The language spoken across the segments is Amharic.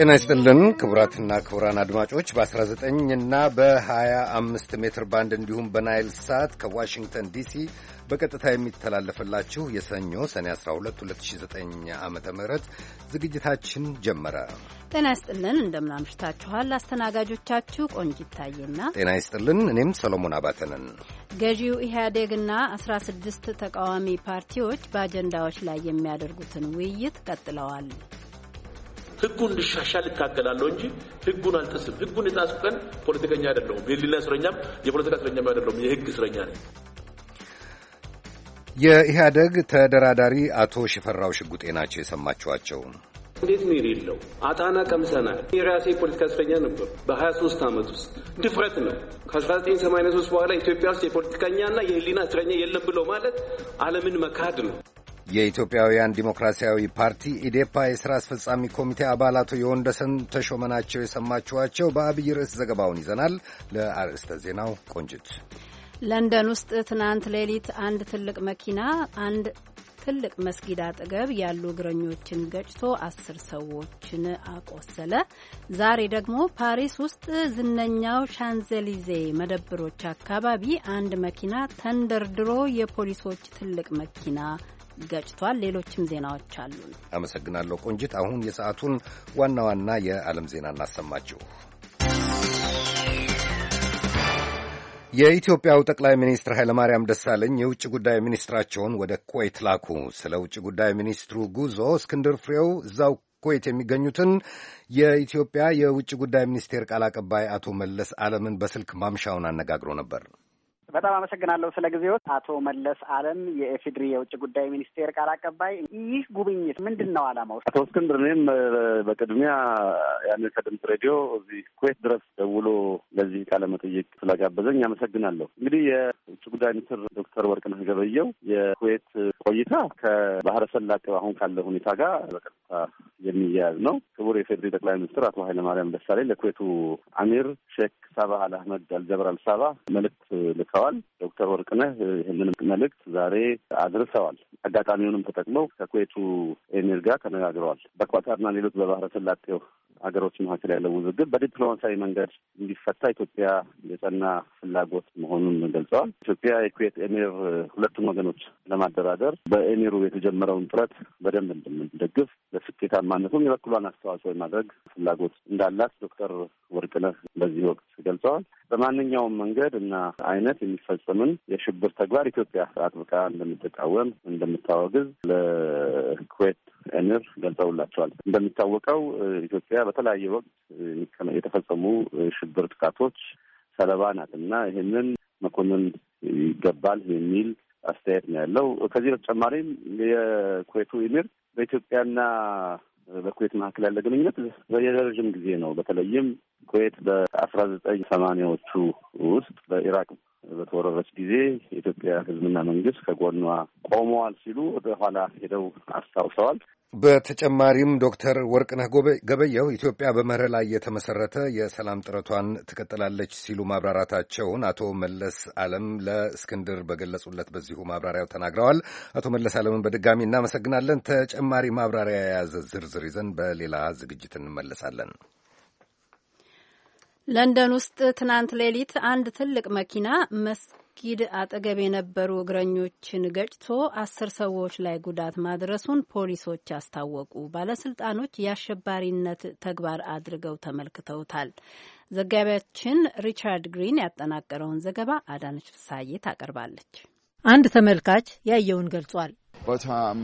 ጤና ይስጥልን ክቡራትና ክቡራን አድማጮች በ19 እና በ25 ሜትር ባንድ እንዲሁም በናይል ሳት ከዋሽንግተን ዲሲ በቀጥታ የሚተላለፍላችሁ የሰኞ ሰኔ 12 2009 ዓ ም ዝግጅታችን ጀመረ። ጤና ይስጥልን፣ እንደምናምሽታችኋል። አስተናጋጆቻችሁ ቆንጂት ታዬና ጤና ይስጥልን፣ እኔም ሰሎሞን አባተንን። ገዢው ኢህአዴግና 16 ተቃዋሚ ፓርቲዎች በአጀንዳዎች ላይ የሚያደርጉትን ውይይት ቀጥለዋል። ህጉ እንዲሻሻል እታገላለሁ እንጂ ህጉን አልጥስም። ህጉን የጣስኩ ቀን ፖለቲከኛ አይደለሁም፣ የህሊና እስረኛም የፖለቲካ እስረኛም አይደለሁም፣ የህግ እስረኛ ነኝ። የኢህአደግ ተደራዳሪ አቶ ሽፈራው ሽጉጤ ናቸው የሰማችኋቸው። እንዴት ነው የሌለው? አጣና ቀምሰናል። የራሴ የፖለቲካ እስረኛ ነበር በ23 ዓመት ውስጥ ድፍረት ነው። ከ1983 በኋላ ኢትዮጵያ ውስጥ የፖለቲከኛና የህሊና እስረኛ የለም ብሎ ማለት አለምን መካድ ነው። የኢትዮጵያውያን ዲሞክራሲያዊ ፓርቲ ኢዴፓ የሥራ አስፈጻሚ ኮሚቴ አባላት የወንደሰን ተሾመናቸው የሰማችኋቸው። በአብይ ርዕስ ዘገባውን ይዘናል። ለአርዕስተ ዜናው ቆንጅት። ለንደን ውስጥ ትናንት ሌሊት አንድ ትልቅ መኪና አንድ ትልቅ መስጊድ አጠገብ ያሉ እግረኞችን ገጭቶ አስር ሰዎችን አቆሰለ። ዛሬ ደግሞ ፓሪስ ውስጥ ዝነኛው ሻንዘሊዜ መደብሮች አካባቢ አንድ መኪና ተንደርድሮ የፖሊሶች ትልቅ መኪና ገጭቷል። ሌሎችም ዜናዎች አሉ። አመሰግናለሁ ቆንጅት አሁን የሰዓቱን ዋና ዋና የዓለም ዜና እናሰማችሁ። የኢትዮጵያው ጠቅላይ ሚኒስትር ኃይለማርያም ደሳለኝ የውጭ ጉዳይ ሚኒስትራቸውን ወደ ኩዌት ላኩ። ስለ ውጭ ጉዳይ ሚኒስትሩ ጉዞ እስክንድር ፍሬው እዛው ኩዌት የሚገኙትን የኢትዮጵያ የውጭ ጉዳይ ሚኒስቴር ቃል አቀባይ አቶ መለስ አለምን በስልክ ማምሻውን አነጋግሮ ነበር። በጣም አመሰግናለሁ ስለ ጊዜዎት። አቶ መለስ አለም የኤፌድሪ የውጭ ጉዳይ ሚኒስቴር ቃል አቀባይ። ይህ ጉብኝት ምንድን ነው አላማው? አቶ እስክንድር፣ እኔም በቅድሚያ የአሜሪካ ድምጽ ሬዲዮ እዚህ ኩዌት ድረስ ደውሎ ለዚህ ቃለ ስለጋበዘኝ አመሰግናለሁ። እንግዲህ የውጭ ጉዳይ ሚኒስትር ዶክተር ወርቅነህ ገበየው የኩዌት ቆይታ ከባህረ ሰላጤው አሁን ካለ ሁኔታ ጋር በቀጥታ የሚያያዝ ነው። ክቡር የፌዴሪ ጠቅላይ ሚኒስትር አቶ ኃይለማርያም ደሳለኝ ለኩዌቱ አሚር ሼክ ሳባህ አልአህመድ አህመድ አልጀበር መልእክት ልከዋል። ብለዋል። ዶክተር ወርቅነህ ይህንን መልእክት ዛሬ አድርሰዋል። አጋጣሚውንም ተጠቅመው ከኩዌቱ ኤሚር ጋር ተነጋግረዋል። በኳታርና ሌሎች በባህረ ስላጤው ሀገሮች መካከል ያለው ውዝግብ በዲፕሎማሲያዊ መንገድ እንዲፈታ ኢትዮጵያ የጸና ፍላጎት መሆኑን ገልጸዋል። ኢትዮጵያ የኩዌት ኤሚር ሁለቱም ወገኖች ለማደራደር በኤሚሩ የተጀመረውን ጥረት በደንብ እንደምንደግፍ ለስኬታማነቱም የበኩሏን አስተዋጽኦ የማድረግ ፍላጎት እንዳላት ዶክተር ወርቅነህ በዚህ ወቅት ገልጸዋል። በማንኛውም መንገድ እና አይነት የሚፈጸምን የሽብር ተግባር ኢትዮጵያ አጥብቃ እንደምትቃወም እንደምታወግዝ ለኩዌት ኤምር ገልጸውላቸዋል። እንደሚታወቀው ኢትዮጵያ በተለያየ ወቅት የተፈጸሙ ሽብር ጥቃቶች ሰለባ ናት እና ይህንን መኮንን ይገባል የሚል አስተያየት ነው ያለው። ከዚህ በተጨማሪም የኩዌቱ ኤሚር በኢትዮጵያና በኩዌት መካከል ያለ ግንኙነት የረዥም ጊዜ ነው። በተለይም ኩዌት በአስራ ዘጠኝ ሰማንያዎቹ ውስጥ በኢራቅ በተወረረች ጊዜ የኢትዮጵያ ሕዝብና መንግስት ከጎኗ ቆመዋል ሲሉ ወደ ኋላ ሄደው አስታውሰዋል። በተጨማሪም ዶክተር ወርቅነህ ገበየሁ ኢትዮጵያ በመርህ ላይ የተመሰረተ የሰላም ጥረቷን ትቀጥላለች ሲሉ ማብራራታቸውን አቶ መለስ አለም ለእስክንድር በገለጹለት በዚሁ ማብራሪያው ተናግረዋል። አቶ መለስ አለምን በድጋሚ እናመሰግናለን። ተጨማሪ ማብራሪያ የያዘ ዝርዝር ይዘን በሌላ ዝግጅት እንመለሳለን። ለንደን ውስጥ ትናንት ሌሊት አንድ ትልቅ መኪና መስጊድ አጠገብ የነበሩ እግረኞችን ገጭቶ አስር ሰዎች ላይ ጉዳት ማድረሱን ፖሊሶች አስታወቁ። ባለስልጣኖች የአሸባሪነት ተግባር አድርገው ተመልክተውታል። ዘጋቢያችን ሪቻርድ ግሪን ያጠናቀረውን ዘገባ አዳነች ፍሳዬ ታቀርባለች። አንድ ተመልካች ያየውን ገልጿል። um,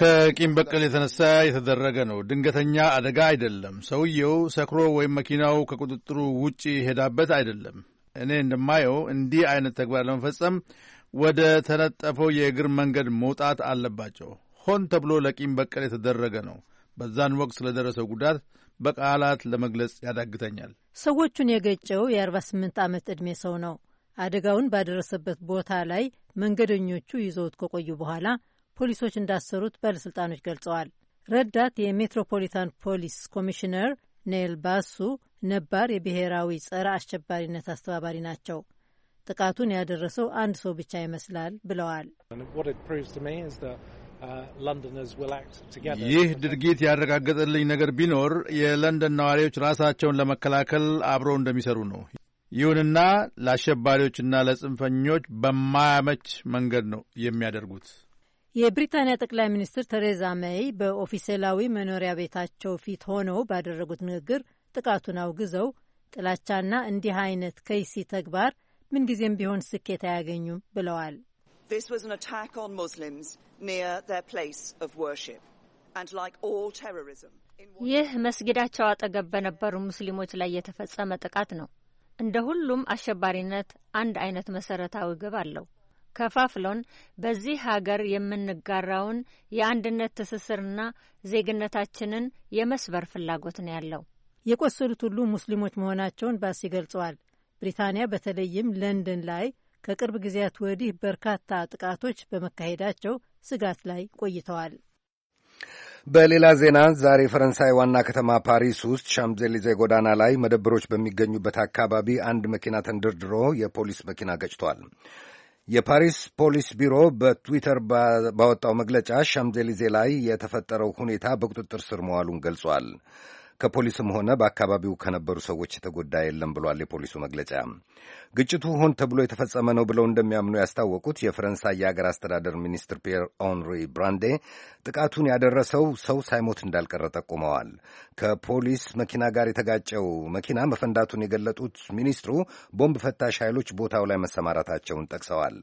ከቂም በቀል የተነሳ የተደረገ ነው። ድንገተኛ አደጋ አይደለም። ሰውየው ሰክሮ ወይም መኪናው ከቁጥጥሩ ውጪ ሄዳበት አይደለም። እኔ እንደማየው እንዲህ አይነት ተግባር ለመፈጸም ወደ ተነጠፈው የእግር መንገድ መውጣት አለባቸው። ሆን ተብሎ ለቂም በቀል የተደረገ ነው። በዛን ወቅት ስለደረሰው ጉዳት በቃላት ለመግለጽ ያዳግተኛል። ሰዎቹን የገጨው የ48 ዓመት ዕድሜ ሰው ነው። አደጋውን ባደረሰበት ቦታ ላይ መንገደኞቹ ይዘውት ከቆዩ በኋላ ፖሊሶች እንዳሰሩት ባለሥልጣኖች ገልጸዋል። ረዳት የሜትሮፖሊታን ፖሊስ ኮሚሽነር ኔል ባሱ ነባር የብሔራዊ ጸረ አሸባሪነት አስተባባሪ ናቸው። ጥቃቱን ያደረሰው አንድ ሰው ብቻ ይመስላል ብለዋል። ይህ ድርጊት ያረጋገጠልኝ ነገር ቢኖር የለንደን ነዋሪዎች ራሳቸውን ለመከላከል አብረው እንደሚሰሩ ነው። ይሁንና ለአሸባሪዎችና ለጽንፈኞች በማያመች መንገድ ነው የሚያደርጉት። የብሪታንያ ጠቅላይ ሚኒስትር ተሬዛ ሜይ በኦፊሴላዊ መኖሪያ ቤታቸው ፊት ሆነው ባደረጉት ንግግር ጥቃቱን አውግዘው ጥላቻና እንዲህ አይነት ከይሲ ተግባር ምንጊዜም ቢሆን ስኬት አያገኙም ብለዋል። ይህ መስጊዳቸው አጠገብ በነበሩ ሙስሊሞች ላይ የተፈጸመ ጥቃት ነው። እንደ ሁሉም አሸባሪነት አንድ አይነት መሰረታዊ ግብ አለው። ከፋፍለውን በዚህ ሀገር የምንጋራውን የአንድነት ትስስርና ዜግነታችንን የመስበር ፍላጎት ነው ያለው። የቆሰሉት ሁሉ ሙስሊሞች መሆናቸውን ባስ ይገልጸዋል። ብሪታንያ በተለይም ለንደን ላይ ከቅርብ ጊዜያት ወዲህ በርካታ ጥቃቶች በመካሄዳቸው ስጋት ላይ ቆይተዋል። በሌላ ዜና ዛሬ ፈረንሳይ ዋና ከተማ ፓሪስ ውስጥ ሻምዘሊዜ ጎዳና ላይ መደብሮች በሚገኙበት አካባቢ አንድ መኪና ተንደርድሮ የፖሊስ መኪና ገጭቷል። የፓሪስ ፖሊስ ቢሮ በትዊተር ባወጣው መግለጫ ሻምዜሊዜ ላይ የተፈጠረው ሁኔታ በቁጥጥር ስር መዋሉን ገልጿል። ከፖሊስም ሆነ በአካባቢው ከነበሩ ሰዎች የተጎዳ የለም ብሏል የፖሊሱ መግለጫ። ግጭቱ ሆን ተብሎ የተፈጸመ ነው ብለው እንደሚያምኑ ያስታወቁት የፈረንሳይ የአገር አስተዳደር ሚኒስትር ፒየር ኦንሪ ብራንዴ ጥቃቱን ያደረሰው ሰው ሳይሞት እንዳልቀረ ጠቁመዋል። ከፖሊስ መኪና ጋር የተጋጨው መኪና መፈንዳቱን የገለጡት ሚኒስትሩ ቦምብ ፈታሽ ኃይሎች ቦታው ላይ መሰማራታቸውን ጠቅሰዋል።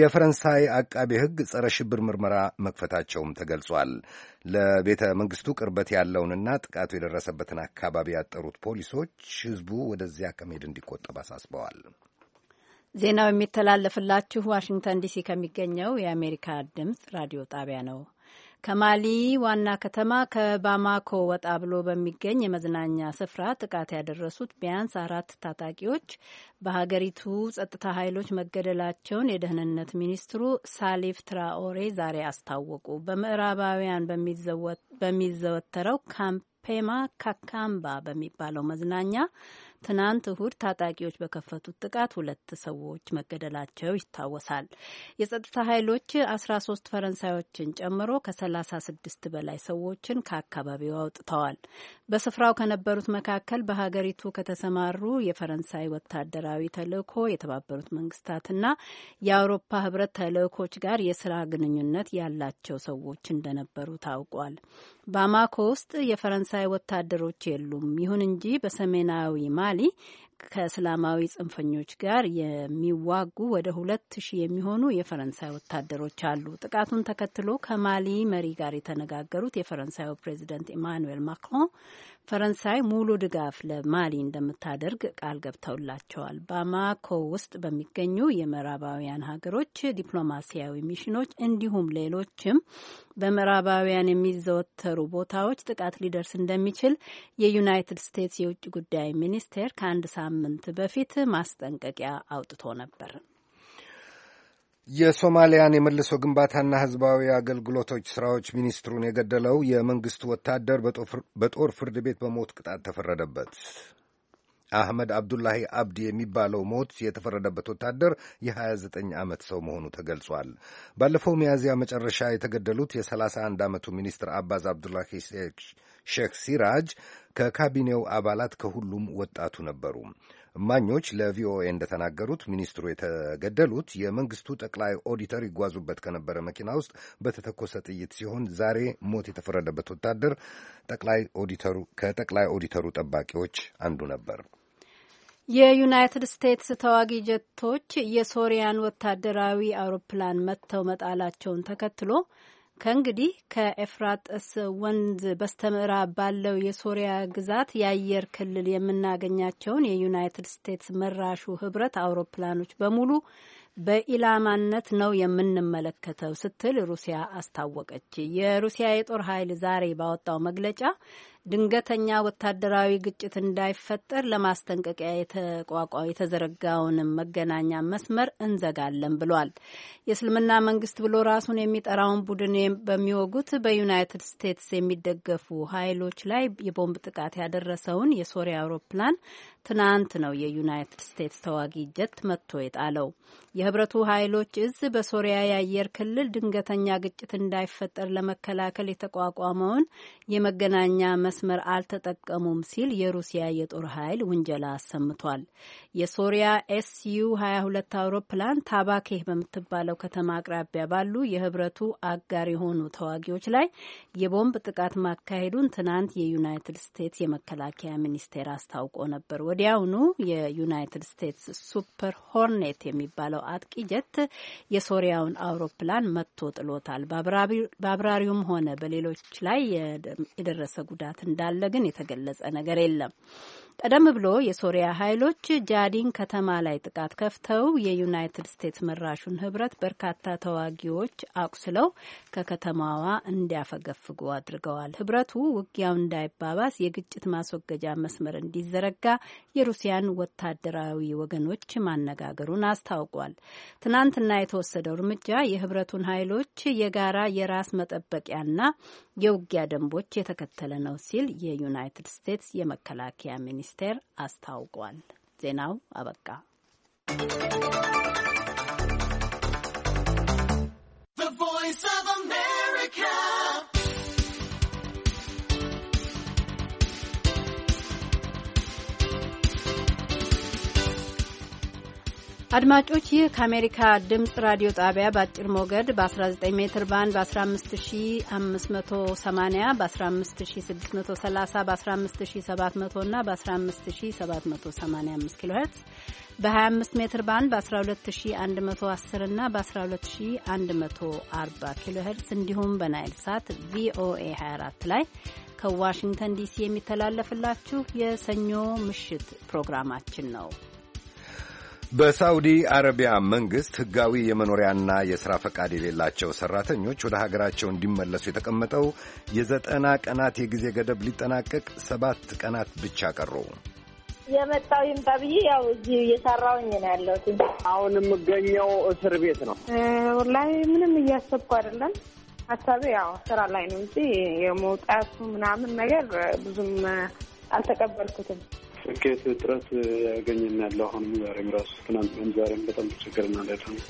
የፈረንሳይ አቃቤ ሕግ ጸረ ሽብር ምርመራ መክፈታቸውም ተገልጿል። ለቤተ መንግስቱ ቅርበት ያለውንና ጥቃቱ የደረሰበትን አካባቢ ያጠሩት ፖሊሶች ህዝቡ ወደዚያ ከመሄድ እንዲቆጠብ አሳስበዋል። ዜናው የሚተላለፍላችሁ ዋሽንግተን ዲሲ ከሚገኘው የአሜሪካ ድምፅ ራዲዮ ጣቢያ ነው። ከማሊ ዋና ከተማ ከባማኮ ወጣ ብሎ በሚገኝ የመዝናኛ ስፍራ ጥቃት ያደረሱት ቢያንስ አራት ታጣቂዎች በሀገሪቱ ጸጥታ ኃይሎች መገደላቸውን የደህንነት ሚኒስትሩ ሳሊፍ ትራኦሬ ዛሬ አስታወቁ። በምዕራባውያን በሚዘወተረው ካምፔማ ካካምባ በሚባለው መዝናኛ ትናንት እሁድ ታጣቂዎች በከፈቱት ጥቃት ሁለት ሰዎች መገደላቸው ይታወሳል። የጸጥታ ኃይሎች አስራ ሶስት ፈረንሳዮችን ጨምሮ ከሰላሳ ስድስት በላይ ሰዎችን ከአካባቢው አውጥተዋል። በስፍራው ከነበሩት መካከል በሀገሪቱ ከተሰማሩ የፈረንሳይ ወታደራዊ ተልእኮ የተባበሩት መንግስታትና የአውሮፓ ህብረት ተልእኮች ጋር የስራ ግንኙነት ያላቸው ሰዎች እንደነበሩ ታውቋል። ባማኮ ውስጥ የፈረንሳይ ወታደሮች የሉም። ይሁን እንጂ በሰሜናዊ ማ ማሊ ከእስላማዊ ጽንፈኞች ጋር የሚዋጉ ወደ ሁለት ሺህ የሚሆኑ የፈረንሳይ ወታደሮች አሉ። ጥቃቱን ተከትሎ ከማሊ መሪ ጋር የተነጋገሩት የፈረንሳዩ ፕሬዚደንት ኢማኑዌል ማክሮን ፈረንሳይ ሙሉ ድጋፍ ለማሊ እንደምታደርግ ቃል ገብተውላቸዋል። ባማኮ ውስጥ በሚገኙ የምዕራባውያን ሀገሮች ዲፕሎማሲያዊ ሚሽኖች እንዲሁም ሌሎችም በምዕራባውያን የሚዘወተሩ ቦታዎች ጥቃት ሊደርስ እንደሚችል የዩናይትድ ስቴትስ የውጭ ጉዳይ ሚኒስቴር ከአንድ ሳምንት በፊት ማስጠንቀቂያ አውጥቶ ነበር። የሶማሊያን የመልሶ ግንባታና ህዝባዊ አገልግሎቶች ስራዎች ሚኒስትሩን የገደለው የመንግስቱ ወታደር በጦር ፍርድ ቤት በሞት ቅጣት ተፈረደበት። አህመድ አብዱላሂ አብዲ የሚባለው ሞት የተፈረደበት ወታደር የ29 ዓመት ሰው መሆኑ ተገልጿል። ባለፈው ሚያዝያ መጨረሻ የተገደሉት የ31 ዓመቱ ሚኒስትር አባዝ አብዱላሂ ሼክ ሲራጅ ከካቢኔው አባላት ከሁሉም ወጣቱ ነበሩ። እማኞች ለቪኦኤ እንደተናገሩት ሚኒስትሩ የተገደሉት የመንግስቱ ጠቅላይ ኦዲተር ይጓዙበት ከነበረ መኪና ውስጥ በተተኮሰ ጥይት ሲሆን ዛሬ ሞት የተፈረደበት ወታደር ጠቅላይ ኦዲተሩ ከጠቅላይ ኦዲተሩ ጠባቂዎች አንዱ ነበር። የዩናይትድ ስቴትስ ተዋጊ ጀቶች የሶሪያን ወታደራዊ አውሮፕላን መጥተው መጣላቸውን ተከትሎ ከእንግዲህ ከኤፍራጥስ ወንዝ በስተምዕራብ ባለው የሶሪያ ግዛት የአየር ክልል የምናገኛቸውን የዩናይትድ ስቴትስ መራሹ ህብረት አውሮፕላኖች በሙሉ በኢላማነት ነው የምንመለከተው ስትል ሩሲያ አስታወቀች። የሩሲያ የጦር ኃይል ዛሬ ባወጣው መግለጫ ድንገተኛ ወታደራዊ ግጭት እንዳይፈጠር ለማስጠንቀቂያ የተቋቋ የተዘረጋውንም መገናኛ መስመር እንዘጋለን ብሏል። የእስልምና መንግስት ብሎ ራሱን የሚጠራውን ቡድን በሚወጉት በዩናይትድ ስቴትስ የሚደገፉ ኃይሎች ላይ የቦምብ ጥቃት ያደረሰውን የሶሪያ አውሮፕላን ትናንት ነው የዩናይትድ ስቴትስ ተዋጊ ጀት መጥቶ የጣለው። የህብረቱ ኃይሎች እዝ በሶሪያ የአየር ክልል ድንገተኛ ግጭት እንዳይፈጠር ለመከላከል የተቋቋመውን የመገናኛ መስመር አልተጠቀሙም ሲል የሩሲያ የጦር ኃይል ውንጀላ አሰምቷል። የሶሪያ ኤስዩ 22 አውሮፕላን ታባኬህ በምትባለው ከተማ አቅራቢያ ባሉ የህብረቱ አጋር የሆኑ ተዋጊዎች ላይ የቦምብ ጥቃት ማካሄዱን ትናንት የዩናይትድ ስቴትስ የመከላከያ ሚኒስቴር አስታውቆ ነበር። ወዲያውኑ የዩናይትድ ስቴትስ ሱፐር ሆርኔት የሚባለው አጥቂ ጀት የሶሪያውን አውሮፕላን መጥቶ ጥሎታል። በአብራሪውም ሆነ በሌሎች ላይ የደረሰ ጉዳት እንዳለ ግን የተገለጸ ነገር የለም። ቀደም ብሎ የሶሪያ ኃይሎች ጃዲን ከተማ ላይ ጥቃት ከፍተው የዩናይትድ ስቴትስ መራሹን ህብረት በርካታ ተዋጊዎች አቁስለው ከከተማዋ እንዲያፈገፍጉ አድርገዋል። ህብረቱ ውጊያው እንዳይባባስ የግጭት ማስወገጃ መስመር እንዲዘረጋ የሩሲያን ወታደራዊ ወገኖች ማነጋገሩን አስታውቋል። ትናንትና የተወሰደው እርምጃ የህብረቱን ኃይሎች የጋራ የራስ መጠበቂያና የውጊያ ደንቦች የተከተለ ነው ሲል የዩናይትድ ስቴትስ የመከላከያ ሚኒስ ሚኒስቴር አስታውቋል። ዜናው አበቃ። አድማጮች ይህ ከአሜሪካ ድምፅ ራዲዮ ጣቢያ በአጭር ሞገድ በ19 ሜትር ባንድ በ15580 በ15630 በ15700 እና በ15785 ኪሎ ሄርትስ በ25 ሜትር ባንድ በ12110 እና በ12140 ኪሎ ሄርትስ እንዲሁም በናይል ሳት ቪኦኤ 24 ላይ ከዋሽንግተን ዲሲ የሚተላለፍላችሁ የሰኞ ምሽት ፕሮግራማችን ነው። በሳውዲ አረቢያ መንግሥት ሕጋዊ የመኖሪያና የሥራ ፈቃድ የሌላቸው ሠራተኞች ወደ ሀገራቸው እንዲመለሱ የተቀመጠው የዘጠና ቀናት የጊዜ ገደብ ሊጠናቀቅ ሰባት ቀናት ብቻ ቀሩ። የመጣው ይምጣ ብዬ ያው እዚሁ እየሰራውኝ ነው ያለሁት። አሁን የምገኘው እስር ቤት ነው። ላይ ምንም እያሰብኩ አይደለም። ሀሳቤ ያው ስራ ላይ ነው እንጂ የመውጣቱ ምናምን ነገር ብዙም አልተቀበልኩትም። ስኬት እጥረት ያገኘናል። አሁንም ዛሬም ራሱ ትናንትም ዛሬም በጣም ተቸገርና እናለት ነው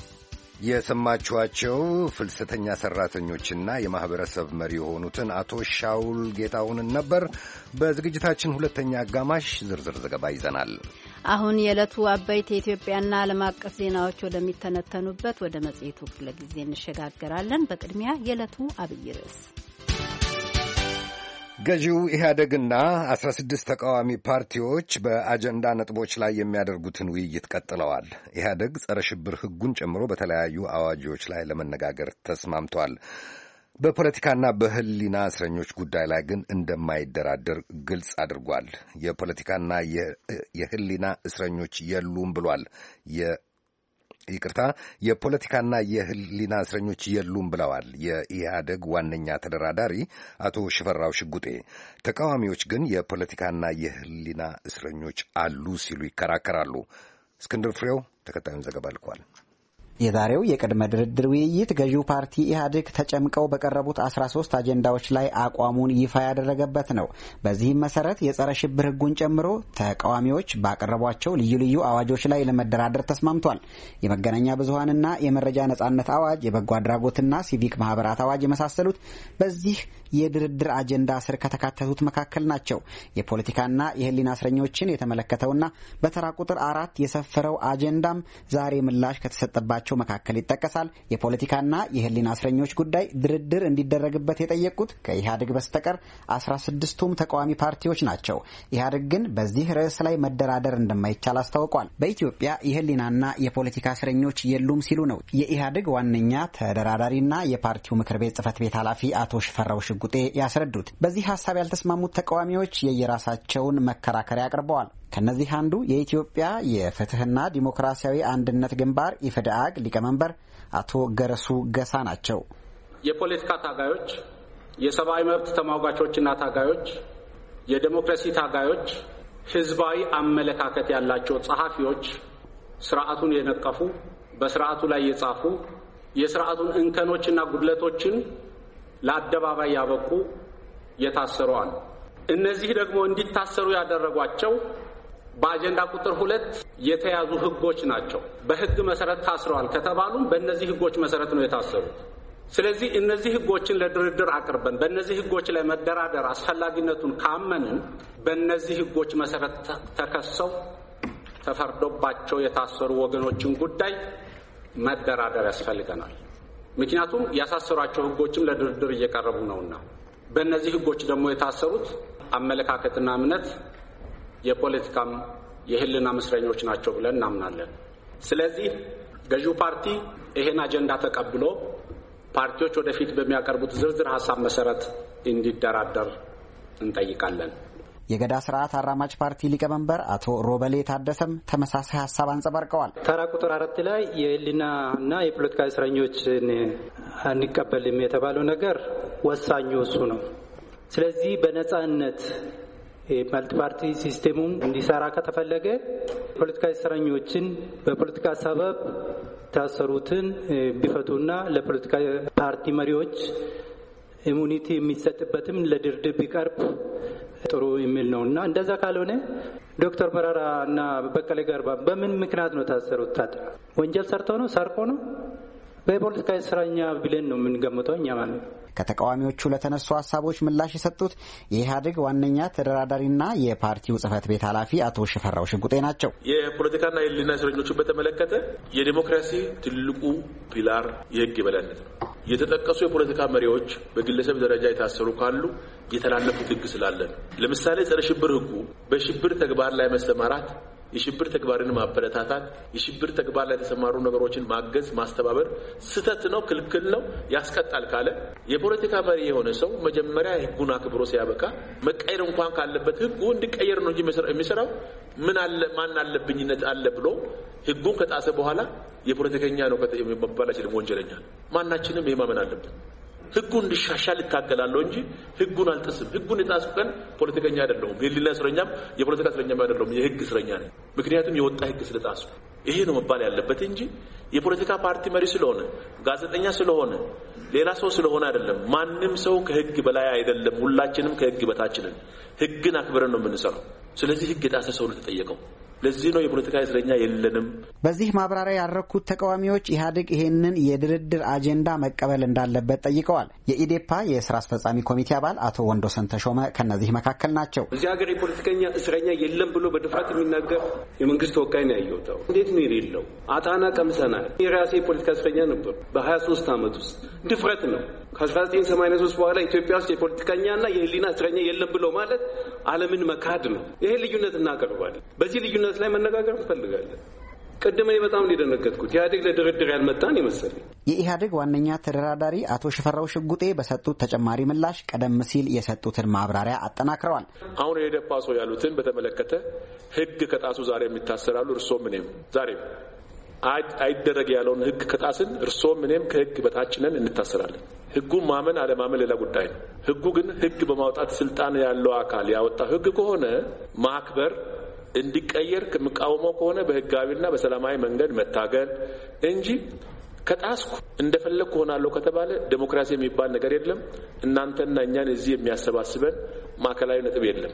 የሰማችኋቸው ፍልሰተኛ ሰራተኞችና የማህበረሰብ መሪ የሆኑትን አቶ ሻውል ጌታውንን ነበር። በዝግጅታችን ሁለተኛ አጋማሽ ዝርዝር ዘገባ ይዘናል። አሁን የዕለቱ አበይት የኢትዮጵያና ዓለም አቀፍ ዜናዎች ወደሚተነተኑበት ወደ መጽሔቱ ክፍለ ጊዜ እንሸጋገራለን። በቅድሚያ የዕለቱ አብይ ርዕስ ገዢው ኢህአደግና አስራ ስድስት ተቃዋሚ ፓርቲዎች በአጀንዳ ነጥቦች ላይ የሚያደርጉትን ውይይት ቀጥለዋል። ኢህአደግ ጸረ ሽብር ህጉን ጨምሮ በተለያዩ አዋጆች ላይ ለመነጋገር ተስማምቷል። በፖለቲካና በህሊና እስረኞች ጉዳይ ላይ ግን እንደማይደራደር ግልጽ አድርጓል። የፖለቲካና የህሊና እስረኞች የሉም ብሏል። ይቅርታ የፖለቲካና የህሊና እስረኞች የሉም ብለዋል የኢህአደግ ዋነኛ ተደራዳሪ አቶ ሽፈራው ሽጉጤ። ተቃዋሚዎች ግን የፖለቲካና የህሊና እስረኞች አሉ ሲሉ ይከራከራሉ። እስክንድር ፍሬው ተከታዩን ዘገባ ልኳል። የዛሬው የቅድመ ድርድር ውይይት ገዢው ፓርቲ ኢህአዴግ ተጨምቀው በቀረቡት 13 አጀንዳዎች ላይ አቋሙን ይፋ ያደረገበት ነው። በዚህም መሰረት የጸረ ሽብር ህጉን ጨምሮ ተቃዋሚዎች ባቀረቧቸው ልዩ ልዩ አዋጆች ላይ ለመደራደር ተስማምቷል። የመገናኛ ብዙሀንና የመረጃ ነጻነት አዋጅ፣ የበጎ አድራጎትና ሲቪክ ማህበራት አዋጅ የመሳሰሉት በዚህ የድርድር አጀንዳ ስር ከተካተቱት መካከል ናቸው። የፖለቲካና የህሊና እስረኞችን የተመለከተውና በተራ ቁጥር አራት የሰፈረው አጀንዳም ዛሬ ምላሽ ከተሰጠባቸው መካከል ይጠቀሳል። የፖለቲካና የህሊና እስረኞች ጉዳይ ድርድር እንዲደረግበት የጠየቁት ከኢህአዴግ በስተቀር አስራ ስድስቱም ተቃዋሚ ፓርቲዎች ናቸው። ኢህአዴግ ግን በዚህ ርዕስ ላይ መደራደር እንደማይቻል አስታውቋል። በኢትዮጵያ የህሊናና የፖለቲካ እስረኞች የሉም ሲሉ ነው የኢህአዴግ ዋነኛ ተደራዳሪና የፓርቲው ምክር ቤት ጽህፈት ቤት ኃላፊ አቶ ሽፈራው ሽጉ ሽጉጤ ያስረዱት። በዚህ ሀሳብ ያልተስማሙት ተቃዋሚዎች የየራሳቸውን መከራከሪያ አቅርበዋል። ከእነዚህ አንዱ የኢትዮጵያ የፍትህና ዲሞክራሲያዊ አንድነት ግንባር ኢፍድአግ ሊቀመንበር አቶ ገረሱ ገሳ ናቸው። የፖለቲካ ታጋዮች፣ የሰብአዊ መብት ተሟጋቾችና ታጋዮች፣ የዴሞክራሲ ታጋዮች፣ ህዝባዊ አመለካከት ያላቸው ጸሐፊዎች፣ ስርዓቱን የነቀፉ፣ በስርዓቱ ላይ የጻፉ የስርዓቱን እንከኖችና ጉድለቶችን ለአደባባይ ያበቁ የታሰሩ አሉ። እነዚህ ደግሞ እንዲታሰሩ ያደረጓቸው በአጀንዳ ቁጥር ሁለት የተያዙ ህጎች ናቸው። በህግ መሰረት ታስረዋል ከተባሉም በእነዚህ ህጎች መሰረት ነው የታሰሩት። ስለዚህ እነዚህ ህጎችን ለድርድር አቅርበን በእነዚህ ህጎች ላይ መደራደር አስፈላጊነቱን ካመንን በእነዚህ ህጎች መሰረት ተከሰው ተፈርዶባቸው የታሰሩ ወገኖችን ጉዳይ መደራደር ያስፈልገናል። ምክንያቱም ያሳሰሯቸው ህጎችም ለድርድር እየቀረቡ ነውና በእነዚህ ህጎች ደግሞ የታሰሩት አመለካከትና እምነት የፖለቲካም የህልና መስረኞች ናቸው ብለን እናምናለን። ስለዚህ ገዢው ፓርቲ ይሄን አጀንዳ ተቀብሎ ፓርቲዎች ወደፊት በሚያቀርቡት ዝርዝር ሀሳብ መሰረት እንዲደራደር እንጠይቃለን። የገዳ ስርዓት አራማጅ ፓርቲ ሊቀመንበር አቶ ሮበሌ ታደሰም ተመሳሳይ ሀሳብ አንጸባርቀዋል። ተራ ቁጥር አራት ላይ እና የፖለቲካ እስረኞችን አንቀበልም የተባለው ነገር ወሳኙ እሱ ነው። ስለዚህ በነጻነት የመልቲ ፓርቲ ሲስቴሙን እንዲሰራ ከተፈለገ የፖለቲካ እስረኞችን በፖለቲካ ሰበብ የታሰሩትን ቢፈቱና ለፖለቲካ ፓርቲ መሪዎች ኢሙኒቲ የሚሰጥበትም ለድርድር ቢቀርብ ጥሩ የሚል ነው እና እንደዛ ካልሆነ ዶክተር መረራ እና በቀለ ገርባ በምን ምክንያት ነው ታሰሩት? ታዲያ ወንጀል ሰርተው ነው? ሰርቆ ነው? በፖለቲካ እስረኛ ብለን ነው የምንገምተው እኛ ማለት ነው። ከተቃዋሚዎቹ ለተነሱ ሀሳቦች ምላሽ የሰጡት የኢህአዴግ ዋነኛ ተደራዳሪና የፓርቲው ጽህፈት ቤት ኃላፊ አቶ ሽፈራው ሽጉጤ ናቸው። የፖለቲካና የህሊና እስረኞችን በተመለከተ የዲሞክራሲ ትልቁ ፒላር የህግ የበላይነት ነው። የተጠቀሱ የፖለቲካ መሪዎች በግለሰብ ደረጃ የታሰሩ ካሉ የተላለፉት ህግ ስላለ ነው። ለምሳሌ ጸረ ሽብር ህጉ በሽብር ተግባር ላይ መሰማራት የሽብር ተግባርን ማበረታታት፣ የሽብር ተግባር ላይ የተሰማሩ ነገሮችን ማገዝ፣ ማስተባበር ስህተት ነው፣ ክልክል ነው፣ ያስቀጣል ካለ የፖለቲካ መሪ የሆነ ሰው መጀመሪያ ህጉን አክብሮ ሲያበቃ መቀየር እንኳን ካለበት ህጉ እንዲቀየር ነው እንጂ የሚሰራው ምን አለ ማን አለብኝነት አለ ብሎ ህጉን ከጣሰ በኋላ የፖለቲከኛ ነው መባል አይችልም፣ ወንጀለኛ። ማናችንም ይህ ማመን አለብን። ህጉ እንዲሻሻል እታገላለሁ እንጂ ህጉን አልጥስም። ህጉን የጣስኩ ቀን ፖለቲከኛ አይደለሁም፣ የህሊና እስረኛም የፖለቲካ እስረኛም አይደለሁም፣ የህግ እስረኛ ነኝ። ምክንያቱም የወጣ ህግ ስለጣስኩ። ይሄ ነው መባል ያለበት እንጂ የፖለቲካ ፓርቲ መሪ ስለሆነ ጋዜጠኛ ስለሆነ ሌላ ሰው ስለሆነ አይደለም። ማንም ሰው ከህግ በላይ አይደለም። ሁላችንም ከህግ በታችንን። ህግን አክብረን ነው የምንሰራው። ስለዚህ ህግ የጣሰ ሰው ነው የተጠየቀው። ለዚህ ነው የፖለቲካ እስረኛ የለንም። በዚህ ማብራሪያ ያረኩት ተቃዋሚዎች ኢህአዴግ ይህንን የድርድር አጀንዳ መቀበል እንዳለበት ጠይቀዋል። የኢዴፓ የስራ አስፈጻሚ ኮሚቴ አባል አቶ ወንዶሰን ተሾመ ከእነዚህ መካከል ናቸው። እዚህ ሀገር የፖለቲከኛ እስረኛ የለም ብሎ በድፍረት የሚናገር የመንግስት ተወካይ ነው ያየሁት። እንዴት ነው የሌለው? አጣና ቀምሰናል። የራሴ የፖለቲካ እስረኛ ነበር በ23 አመት ውስጥ ድፍረት ነው ከ1983 በኋላ ኢትዮጵያ ውስጥ የፖለቲከኛና የህሊና እስረኛ የለም ብሎ ማለት ዓለምን መካድ ነው። ይሄ ልዩነት እናቀርባለን። በዚህ ልዩነት ላይ መነጋገር እንፈልጋለን። ቅድም እኔ በጣም እንደደነገጥኩት ኢህአዴግ ለድርድር ያልመጣን ይመስለኝ። የኢህአዴግ ዋነኛ ተደራዳሪ አቶ ሽፈራው ሽጉጤ በሰጡት ተጨማሪ ምላሽ ቀደም ሲል የሰጡትን ማብራሪያ አጠናክረዋል። አሁን የደፓ ያሉትን በተመለከተ ህግ ከጣሱ ዛሬ የሚታሰራሉ። እርሶ እኔም ዛሬም አይደረግ ያለውን ህግ ከጣስን እርስዎም እኔም ከህግ በታች ነን፣ እንታሰራለን። ህጉን ማመን አለማመን ሌላ ጉዳይ ነው። ህጉ ግን ህግ በማውጣት ስልጣን ያለው አካል ያወጣው ህግ ከሆነ ማክበር እንዲቀየር የምቃወመው ከሆነ በህጋዊና በሰላማዊ መንገድ መታገል እንጂ ከጣስኩ እንደፈለግኩ ሆናለሁ ከተባለ ዴሞክራሲ የሚባል ነገር የለም። እናንተና እኛን እዚህ የሚያሰባስበን ማዕከላዊ ነጥብ የለም።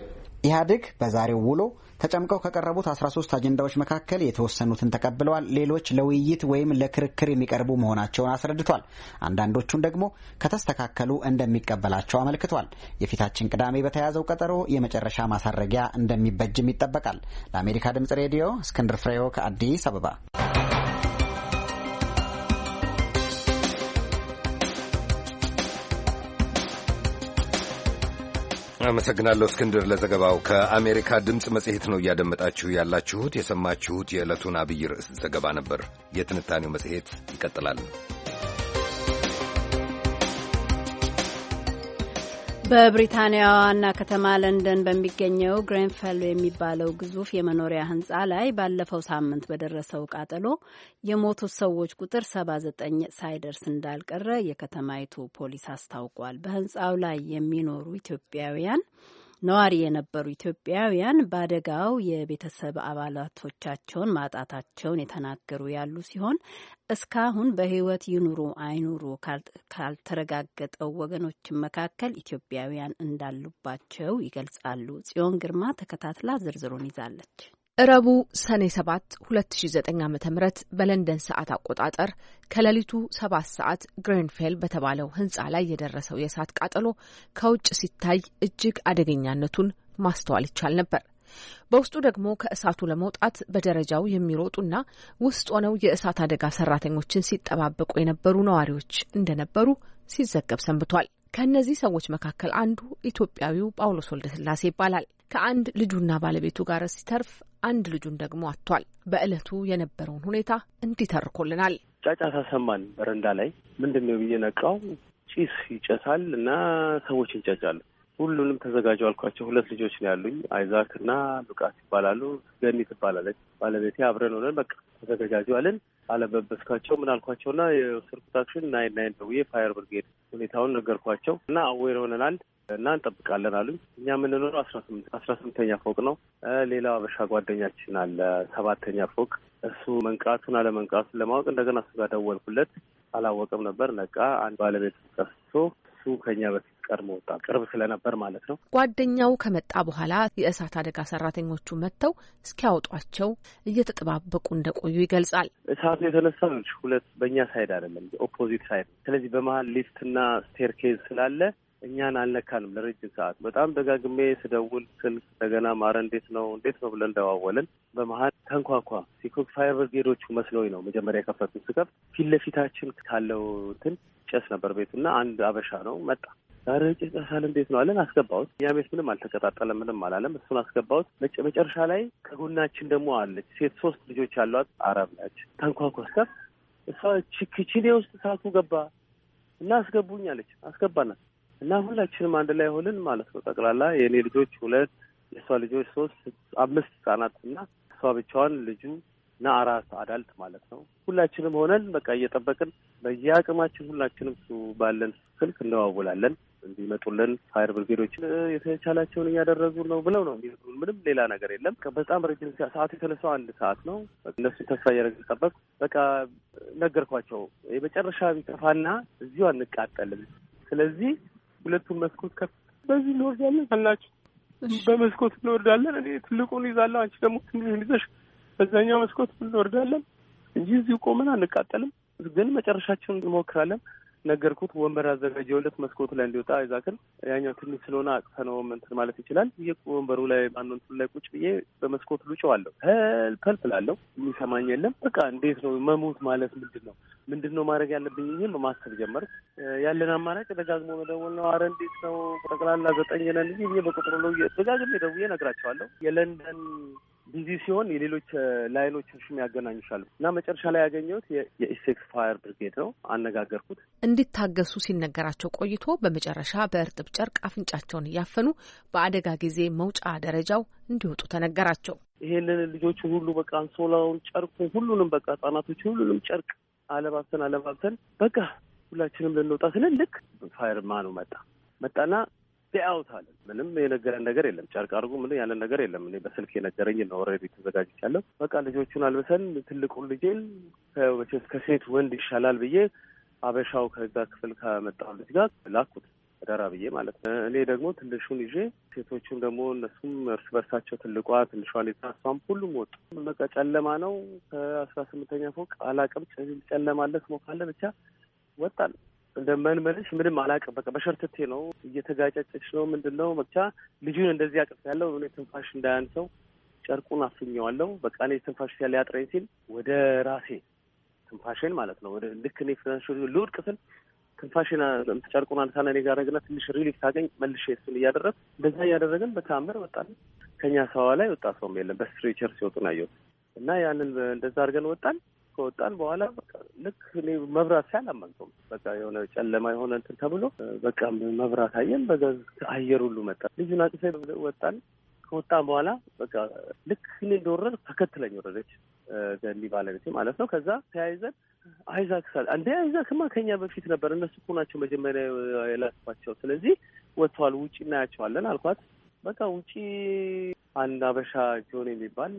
ኢህአዴግ በዛሬው ውሎ ተጨምቀው ከቀረቡት 13 አጀንዳዎች መካከል የተወሰኑትን ተቀብለዋል። ሌሎች ለውይይት ወይም ለክርክር የሚቀርቡ መሆናቸውን አስረድቷል። አንዳንዶቹን ደግሞ ከተስተካከሉ እንደሚቀበላቸው አመልክቷል። የፊታችን ቅዳሜ በተያዘው ቀጠሮ የመጨረሻ ማሳረጊያ እንደሚበጅም ይጠበቃል። ለአሜሪካ ድምጽ ሬዲዮ እስክንድር ፍሬው ከአዲስ አበባ አመሰግናለሁ እስክንድር ለዘገባው። ከአሜሪካ ድምፅ መጽሔት ነው እያደመጣችሁ ያላችሁት። የሰማችሁት የዕለቱን አብይ ርዕስ ዘገባ ነበር። የትንታኔው መጽሔት ይቀጥላል። በብሪታንያዋ ዋና ከተማ ለንደን በሚገኘው ግሬንፈል የሚባለው ግዙፍ የመኖሪያ ህንፃ ላይ ባለፈው ሳምንት በደረሰው ቃጠሎ የሞቱት ሰዎች ቁጥር 79 ሳይደርስ እንዳልቀረ የከተማይቱ ፖሊስ አስታውቋል። በህንፃው ላይ የሚኖሩ ኢትዮጵያውያን ነዋሪ የነበሩ ኢትዮጵያውያን በአደጋው የቤተሰብ አባላቶቻቸውን ማጣታቸውን የተናገሩ ያሉ ሲሆን እስካሁን በሕይወት ይኑሩ አይኑሩ ካልተረጋገጠው ወገኖች መካከል ኢትዮጵያውያን እንዳሉባቸው ይገልጻሉ። ጽዮን ግርማ ተከታትላ ዝርዝሩን ይዛለች። እረቡ ሰኔ 7 2009 ዓ ም በለንደን ሰዓት አቆጣጠር ከሌሊቱ 7 ሰዓት ግሬንፌል በተባለው ህንፃ ላይ የደረሰው የእሳት ቃጠሎ ከውጭ ሲታይ እጅግ አደገኛነቱን ማስተዋል ይቻል ነበር። በውስጡ ደግሞ ከእሳቱ ለመውጣት በደረጃው የሚሮጡና ውስጥ ሆነው የእሳት አደጋ ሰራተኞችን ሲጠባበቁ የነበሩ ነዋሪዎች እንደነበሩ ሲዘገብ ሰንብቷል። ከእነዚህ ሰዎች መካከል አንዱ ኢትዮጵያዊው ጳውሎስ ወልደ ስላሴ ይባላል። ከአንድ ልጁና ባለቤቱ ጋር ሲተርፍ አንድ ልጁን ደግሞ አጥቷል። በእለቱ የነበረውን ሁኔታ እንዲተርኮልናል። ጫጫታ ሰማን በረንዳ ላይ ምንድን ነው ብዬ ነቃው። ጭስ ይጨሳል እና ሰዎች ይንጫጫሉ። ሁሉንም ተዘጋጁ አልኳቸው። ሁለት ልጆች ነው ያሉኝ፣ አይዛክ እና ብቃት ይባላሉ። ገኒ ትባላለች ባለቤቴ። አብረን ሆነን በቃ ተዘጋጁ አለን። አለበበስኳቸው ምን አልኳቸው እና የወሰድኩት አክሽን ናይን ናይን ደውዬ ፋየር ብርጌድ ሁኔታውን ነገርኳቸው እና አዌር ሆነናል። እና እንጠብቃለን አሉኝ። እኛ የምንኖረው አስራ ስምንት አስራ ስምንተኛ ፎቅ ነው። ሌላው አበሻ ጓደኛችን አለ ሰባተኛ ፎቅ። እሱ መንቃቱን አለመንቃቱን ለማወቅ እንደገና እሱ ጋር ደወልኩለት። አላወቅም ነበር። ነቃ። አንድ ባለቤት ቀስቶ እሱ ከኛ በፊት ቀድሞ ወጣ። ቅርብ ስለነበር ማለት ነው። ጓደኛው ከመጣ በኋላ የእሳት አደጋ ሰራተኞቹ መጥተው እስኪያወጧቸው እየተጠባበቁ እንደቆዩ ይገልጻል። እሳቱ የተነሳ ሁለት በእኛ ሳይድ አይደለም፣ ኦፖዚት ሳይድ። ስለዚህ በመሀል ሊፍትና ስቴርኬዝ ስላለ እኛን አልነካንም ለረጅም ሰዓት። በጣም ደጋግሜ ስደውል ስልክ እንደገና ማረ እንዴት ነው እንዴት ነው ብለን ደዋወልን። በመሀል ተንኳኳ። ሲኮክ ፋየር ብርጌዶቹ መስሎኝ ነው መጀመሪያ የከፈቱት። ስከፍት ፊት ለፊታችን ካለው እንትን ጨስ ነበር ቤቱና አንድ አበሻ ነው መጣ። ዛሬ ጭስ ጨሳል እንዴት ነው አለን። አስገባሁት። እኛ ቤት ምንም አልተቀጣጠለም ምንም አላለም። እሱን አስገባሁት። መጨረሻ ላይ ከጎናችን ደግሞ አለች ሴት ሶስት ልጆች ያሏት አረብ ናች። ተንኳኳ ስከፍት እሷ ኪችኔ ውስጥ እሳቱ ገባ እና አስገቡኝ አለች። አስገባናት እና ሁላችንም አንድ ላይ ሆንን ማለት ነው። ጠቅላላ የእኔ ልጆች ሁለት፣ የእሷ ልጆች ሶስት፣ አምስት ህጻናት እና እሷ ብቻዋን ልጁ እና አራት አዳልት ማለት ነው። ሁላችንም ሆነን በቃ እየጠበቅን በየአቅማችን ሁላችንም እሱ ባለን ስልክ እንደዋውላለን እንዲመጡልን ፋየር ብርጌዶች የተቻላቸውን እያደረጉ ነው ብለው ነው የሚነግሩን። ምንም ሌላ ነገር የለም። በጣም ረጅም ሰዓት የተነሳው አንድ ሰዓት ነው። እነሱ ተስፋ እያደረግ ጠበቅ በቃ ነገርኳቸው። የመጨረሻ ቢከፋና እዚሁ አንቃጠልም። ስለዚህ ሁለቱን መስኮት ከፍ በዚህ እንወርዳለን አላቸው። በመስኮት እንወርዳለን፣ እኔ ትልቁን ይዛለሁ፣ አንቺ ደግሞ ትንሹን ይዘሽ በዛኛው መስኮት እንወርዳለን እንጂ እዚሁ ቆመን አንቃጠልም፣ ግን መጨረሻችን እንሞክራለን። ነገርኩት። ወንበር አዘጋጀውለት መስኮቱ ላይ እንዲወጣ ይዛክል ያኛው ትንሽ ስለሆነ አቅፈ ነው እንትን ማለት ይችላል። ወንበሩ ላይ ማነው ላይ ቁጭ ብዬ በመስኮቱ ልጮዋለሁ። ሄልፕ ሄልፕ እላለሁ። የሚሰማኝ የለም። በቃ እንዴት ነው መሞት ማለት ምንድን ነው? ምንድን ነው ማድረግ ያለብኝ? ይህም በማሰብ ጀመርኩ። ያለን አማራጭ ደጋግሞ መደወል ነው። አረ እንዴት ነው ጠቅላላ ዘጠኝ ነን ብዬ በቁጥሩ ነው ደጋግሜ ደውዬ እነግራቸዋለሁ የለንደን ቢዚ ሲሆን የሌሎች ላይኖችን ሹም ያገናኙሻሉ እና መጨረሻ ላይ ያገኘሁት የኢሴክስ ፋየር ብርጌድ ነው። አነጋገርኩት። እንዲታገሱ ሲነገራቸው ቆይቶ በመጨረሻ በእርጥብ ጨርቅ አፍንጫቸውን እያፈኑ በአደጋ ጊዜ መውጫ ደረጃው እንዲወጡ ተነገራቸው። ይሄንን ልጆቹ ሁሉ በቃ አንሶላውን፣ ጨርቁ፣ ሁሉንም በቃ ህጻናቶች ሁሉንም ጨርቅ አለባብሰን አለባብሰን በቃ ሁላችንም ልንወጣ ስንል ልክ ፋየርማኑ መጣ መጣና ያውታል ምንም የነገረን ነገር የለም። ጨርቅ አድርጉ ምን ያለን ነገር የለም። እኔ በስልክ የነገረኝ ነው። ኦልሬዲ ተዘጋጅቻለሁ። በቃ ልጆቹን አልብሰን ትልቁን ልጄን ከሴት ወንድ ይሻላል ብዬ አበሻው ከዛ ክፍል ከመጣው ልጅ ጋር ላኩት ደራ ብዬ ማለት ነው። እኔ ደግሞ ትንሹን ይዤ ሴቶቹም ደግሞ እነሱም እርስ በርሳቸው ትልቋ ትንሿ ሌታሷም ሁሉም ወጡ። በቃ ጨለማ ነው። ከአስራ ስምንተኛ ፎቅ አላቅም ጨለማለ ስሞካለ ብቻ ወጣል እንደምንመልሽ ምንም አላውቅም። በቃ በሸርትቴ ነው እየተጋጨጨች ነው ምንድን ነው መቻ ልጁን እንደዚህ አቅፍ ያለው እኔ ትንፋሽ እንዳያንሰው ጨርቁን አፍኘዋለሁ። በቃ እኔ ትንፋሽ ያለ ያጥረኝ ሲል ወደ ራሴ ትንፋሽን ማለት ነው ወደ ልክ እኔ ፍናንሽ ልውድቅ ስል ትንፋሽን ጨርቁን አንሳና እኔ ጋር ግና ትንሽ ሪሊፍ ታገኝ መልሼ እሱን እያደረግ እንደዛ እያደረግን በተአምር ወጣን። ከኛ ሰዋ ላይ ወጣ ሰውም የለም። በስትሬቸር ሲወጡ ናየት እና ያንን እንደዛ አድርገን ወጣን። ከወጣን በኋላ ልክ እኔ መብራት ሲያል አመንከም በቃ የሆነ ጨለማ የሆነ እንትን ተብሎ በቃ መብራት አየን። በጋዝ አየር ሁሉ መጣ። ልጁን አቅፌ ወጣን። ከወጣ በኋላ በቃ ልክ እኔ እንደወረድ ተከትለኝ ወረደች፣ ገሊ ባለቤቴ ማለት ነው። ከዛ ተያይዘን አይዛክ ሳል እንደ አይዛክማ ከኛ በፊት ነበር። እነሱ እኮ ናቸው መጀመሪያ የላኳቸው። ስለዚህ ወጥተዋል፣ ውጭ እናያቸዋለን አልኳት። በቃ ውጪ አንድ አበሻ ጆን የሚባል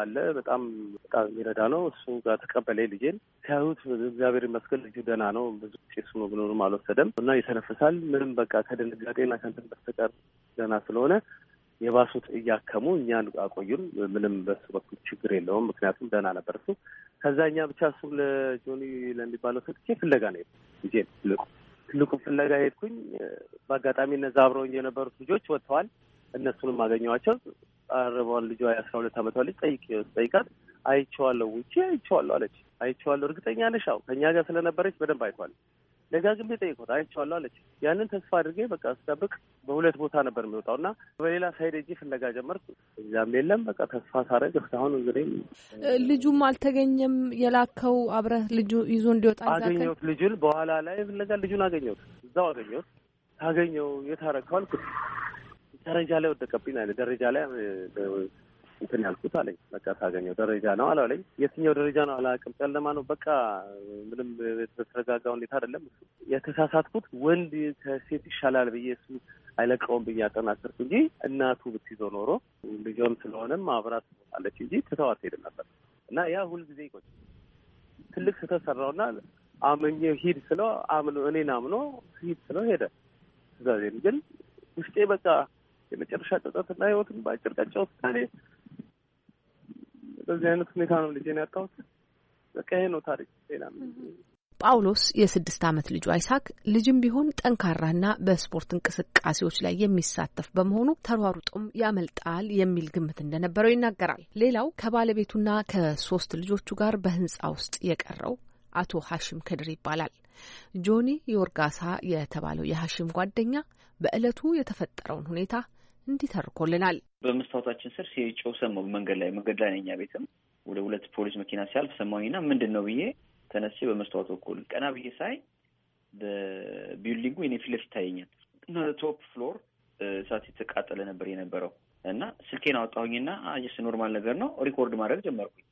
አለ። በጣም በጣም የሚረዳ ነው። እሱ ጋር ተቀበለ ልጄን። ሲያዩት እግዚአብሔር ይመስገን ልጁ ደህና ነው። ብዙ ጭሱ ምግኑንም አልወሰደም እና ይተነፍሳል። ምንም በቃ ከድንጋጤና ከንትን በስተቀር ደህና ስለሆነ የባሱት እያከሙ እኛን አቆዩን። ምንም በሱ በኩል ችግር የለውም፣ ምክንያቱም ደህና ነበር እሱ። ከዛ እኛ ብቻ እሱ ለጆኒ ለሚባለው ሰጥቼ ፍለጋ ነው ልጄ ትልቁ ትልቁ ፍለጋ ሄድኩኝ። በአጋጣሚ እነዛ አብረውኝ የነበሩት ልጆች ወጥተዋል። እነሱንም አገኘኋቸው። አረቧን ልጇ የአስራ ሁለት አመቷ ልጅ ጠይቅ ጠይቃት አይቼዋለሁ፣ ውጪ አይቼዋለሁ አለች። አይቼዋለሁ እርግጠኛ ነሽ? አዎ ከእኛ ጋር ስለነበረች በደንብ አይቷል። ደጋግሜ ጠይቆት አይቼዋለሁ አለች። ያንን ተስፋ አድርጌ በቃ ስጠብቅ በሁለት ቦታ ነበር የሚወጣው እና በሌላ ሳይድ እጅ ፍለጋ ጀመርኩ። እዛም የለም። በቃ ተስፋ ሳረግ እስካሁን እንግዲህ ልጁም አልተገኘም። የላከው አብረህ ልጁ ይዞ እንዲወጣ አገኘሁት። ልጁን በኋላ ላይ ፍለጋ ልጁን አገኘሁት፣ እዛው አገኘሁት። ታገኘው የታረከው አልኩት ደረጃ ላይ ወደቀብኝ አለ። ደረጃ ላይ እንትን ያልኩት አለኝ። በቃ ታገኘው ደረጃ ነው አለ አለኝ። የትኛው ደረጃ ነው አላውቅም። ጨለማ ነው በቃ ምንም በተረጋጋ ሁኔታ አይደለም። የተሳሳትኩት ወንድ ከሴት ይሻላል ብዬ እሱ አይለቀውም ብዬ አጠናከርኩ እንጂ እናቱ ብትይዘው ኖሮ ልጆን ስለሆነም አብራት አለች እንጂ ትተዋት ሄድ ነበር እና ያ ሁልጊዜ ይቆ ትልቅ ስህተት ሰራውና አመኘ ሂድ ስለው አምኖ እኔን አምኖ ሂድ ስለው ሄደ። ትዛዜን ግን ውስጤ በቃ የመጨረሻ ጸጸትና ህይወትን በአጭር ቀጫ ውሳኔ በዚህ አይነት ሁኔታ ነው ልጄን ያጣሁት። በቃ ይሄ ነው ታሪክ። ሌላ ጳውሎስ የስድስት ዓመት ልጁ አይሳክ ልጅም ቢሆን ጠንካራና በስፖርት እንቅስቃሴዎች ላይ የሚሳተፍ በመሆኑ ተሯሩጦም ያመልጣል የሚል ግምት እንደነበረው ይናገራል። ሌላው ከባለቤቱና ከሶስት ልጆቹ ጋር በህንፃ ውስጥ የቀረው አቶ ሀሽም ከድር ይባላል። ጆኒ ዮርጋሳ የተባለው የሀሽም ጓደኛ በዕለቱ የተፈጠረውን ሁኔታ እንዲህ ተርኮልናል። በመስታወታችን ስር ሲጨው ሰማሁ። መንገድ ላይ መንገድ ላይ ነኝ ቤትም ወደ ሁለት ፖሊስ መኪና ሲያልፍ ሰማሁኝና ምንድን ነው ብዬ ተነስቼ በመስታወት በኩል ቀና ብዬ ሳይ በቢልዲንጉ የኔ ፊት ለፊት ይታየኛል እና ቶፕ ፍሎር እሳት የተቃጠለ ነበር የነበረው እና ስልኬን አወጣሁኝና አየስ ኖርማል ነገር ነው ሪኮርድ ማድረግ ጀመርኩኝ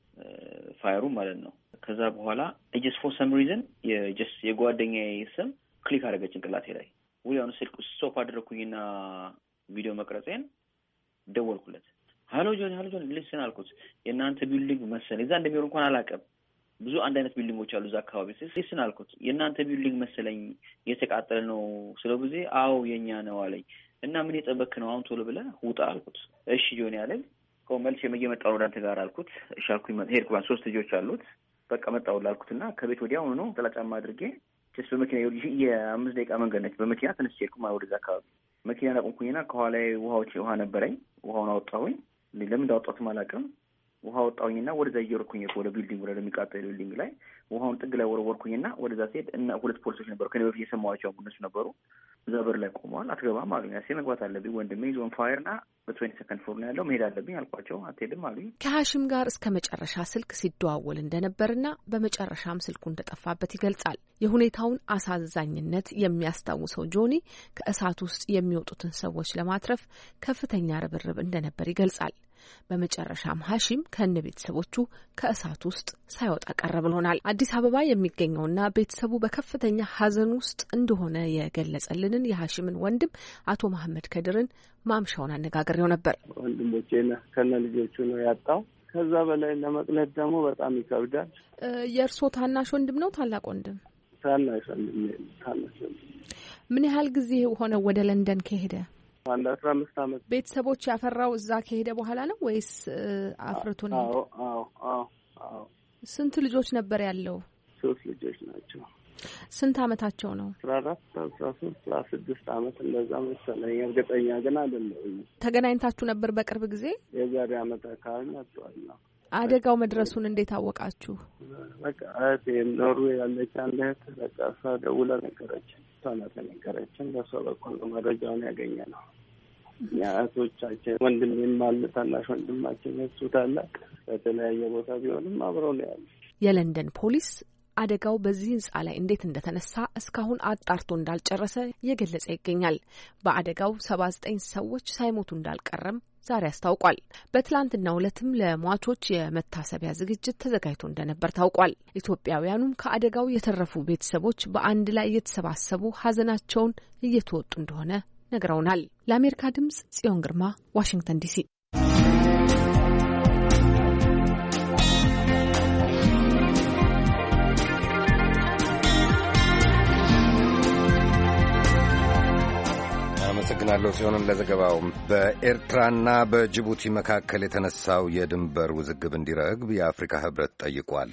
ፋየሩ ማለት ነው። ከዛ በኋላ ጀስ ፎር ሰም ሪዝን የጀስ የጓደኛዬ ስም ክሊክ አደረገ ጭንቅላቴ ላይ። ወዲያውኑ ስልክ ስቶፕ አደረግኩኝና ቪዲዮ መቅረጼን ደወልኩለት። ሀሎ ጆኒ፣ ሀሎ ጆኒ ልስን አልኩት። የእናንተ ቢልዲንግ መሰለኝ እዛ እንደሚሆን እንኳን አላውቅም። ብዙ አንድ አይነት ቢልዲንጎች አሉ እዛ አካባቢ። ልስን አልኩት። የእናንተ ቢልዲንግ መሰለኝ የተቃጠለ ነው ስለው ጊዜ አዎ የእኛ ነው አለኝ። እና ምን የጠበክ ነው አሁን ቶሎ ብለህ ውጣ አልኩት። እሺ ጆኒ አለኝ። መልስ እየመጣሁ ነው ወዳንተ ጋር አልኩት። እሺ አልኩኝ። ሄድኩ። ሶስት ልጆች አሉት። በቃ መጣሁልህ አልኩት እና ከቤት ወዲያ ሆኖ ነጠላ ጫማ አድርጌ ስ በመኪና የአምስት ደቂቃ መንገድ ነች። በመኪና ተነስቼ ሄድኩ ወደዛ አካባቢ መኪና አቆምኩኝና ከኋላ ውሃዎች ውሃ ነበረኝ። ውሃውን አወጣሁኝ። ለምን እንዳወጣሁትም አላውቅም። ውሃ ወጣሁኝና ወደዛ እየወረድኩኝ ወደ ቢልዲንግ ወደ የሚቃጠል ቢልዲንግ ላይ ውሃውን ጥግ ላይ ወረወርኩኝና ወደዛ ሲሄድ እና ሁለት ፖሊሶች ነበሩ ከኔ በፊት የሰማኋቸው እነሱ ነበሩ። እዛ በር ላይ ቆመዋል። አትገባም አሉኝ። ያሴ መግባት አለብኝ ወንድሜ ዞን ፋየር ና በትዌንቲ ሰከንድ ፎር ነው ያለው መሄድ አለብኝ አልኳቸው። አትሄድም አሉኝ። ከሀሽም ጋር እስከ መጨረሻ ስልክ ሲደዋወል እንደነበርና በመጨረሻም ስልኩ እንደጠፋበት ይገልጻል። የሁኔታውን አሳዛኝነት የሚያስታውሰው ጆኒ ከእሳት ውስጥ የሚወጡትን ሰዎች ለማትረፍ ከፍተኛ ርብርብ እንደነበር ይገልጻል። በመጨረሻም ሀሺም ከነ ቤተሰቦቹ ከእሳት ውስጥ ሳይወጣ ቀረ ብሎናል። አዲስ አበባ የሚገኘውና ቤተሰቡ በከፍተኛ ሀዘን ውስጥ እንደሆነ የገለጸልንን የሀሺምን ወንድም አቶ መሀመድ ከድርን ማምሻውን አነጋግሬው ነበር። ወንድሞቼ ከነ ልጆቹ ነው ያጣው። ከዛ በላይ ለመቅለት ደግሞ በጣም ይከብዳል። የእርስዎ ታናሽ ወንድም ነው? ታላቅ ወንድም? ታናሽ ወንድም። ታናሽ ወንድም። ምን ያህል ጊዜ ሆነ ወደ ለንደን ከሄደ? አንድ አስራ አምስት አመት ቤተሰቦች ያፈራው እዛ ከሄደ በኋላ ነው ወይስ አፍርቶ ነው? አዎ አዎ አዎ። አዎ። ስንት ልጆች ነበር ያለው? ሶስት ልጆች ናቸው። ስንት አመታቸው ነው? አስራ አራት አስራ ሶስት አስራ ስድስት አመት እንደዛ መሰለኝ፣ እርግጠኛ ግን አይደለም። ተገናኝታችሁ ነበር በቅርብ ጊዜ? የዛሬ አመት አካባቢ መጥተዋል ነው አደጋው መድረሱን እንዴት አወቃችሁ? በቃ እህቴ ኖርዌይ ያለች አንድ እህት በቃ እሷ ደውላ ነገረችን። እሷ ናት የነገረችን። በእሷ በኩል ነው መረጃውን ያገኘ ነው። እህቶቻችን ወንድም አለ ታናሽ ወንድማችን እሱ ታላቅ በተለያየ ቦታ ቢሆንም አብረው ነው ያሉ። የለንደን ፖሊስ አደጋው በዚህ ህንፃ ላይ እንዴት እንደተነሳ እስካሁን አጣርቶ እንዳልጨረሰ እየገለጸ ይገኛል። በአደጋው ሰባ ዘጠኝ ሰዎች ሳይሞቱ እንዳልቀረም ዛሬ አስታውቋል። በትላንትና ዕለትም ለሟቾች የመታሰቢያ ዝግጅት ተዘጋጅቶ እንደነበር ታውቋል። ኢትዮጵያውያኑም ከአደጋው የተረፉ ቤተሰቦች በአንድ ላይ እየተሰባሰቡ ሀዘናቸውን እየተወጡ እንደሆነ ነግረውናል። ለአሜሪካ ድምጽ ጽዮን ግርማ ዋሽንግተን ዲሲ። አመሰግናለሁ ሲሆን ለዘገባው። በኤርትራና በጅቡቲ መካከል የተነሳው የድንበር ውዝግብ እንዲረግብ የአፍሪካ ህብረት ጠይቋል።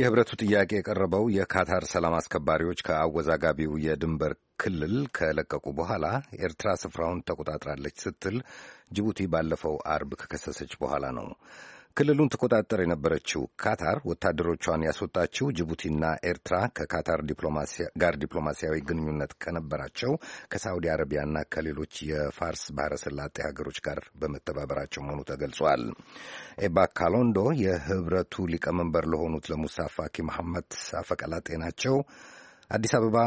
የህብረቱ ጥያቄ የቀረበው የካታር ሰላም አስከባሪዎች ከአወዛጋቢው የድንበር ክልል ከለቀቁ በኋላ ኤርትራ ስፍራውን ተቆጣጥራለች ስትል ጅቡቲ ባለፈው አርብ ከከሰሰች በኋላ ነው። ክልሉን ትቆጣጠር የነበረችው ካታር ወታደሮቿን ያስወጣችው ጅቡቲና ኤርትራ ከካታር ጋር ዲፕሎማሲያዊ ግንኙነት ከነበራቸው ከሳዑዲ አረቢያና ከሌሎች የፋርስ ባህረስላጤ ሰላጤ ሀገሮች ጋር በመተባበራቸው መሆኑ ተገልጿል። ኤባ ካሎንዶ የህብረቱ ሊቀመንበር ለሆኑት ለሙሳ ፋኪ መሐመድ አፈቀላጤ ናቸው። አዲስ አበባ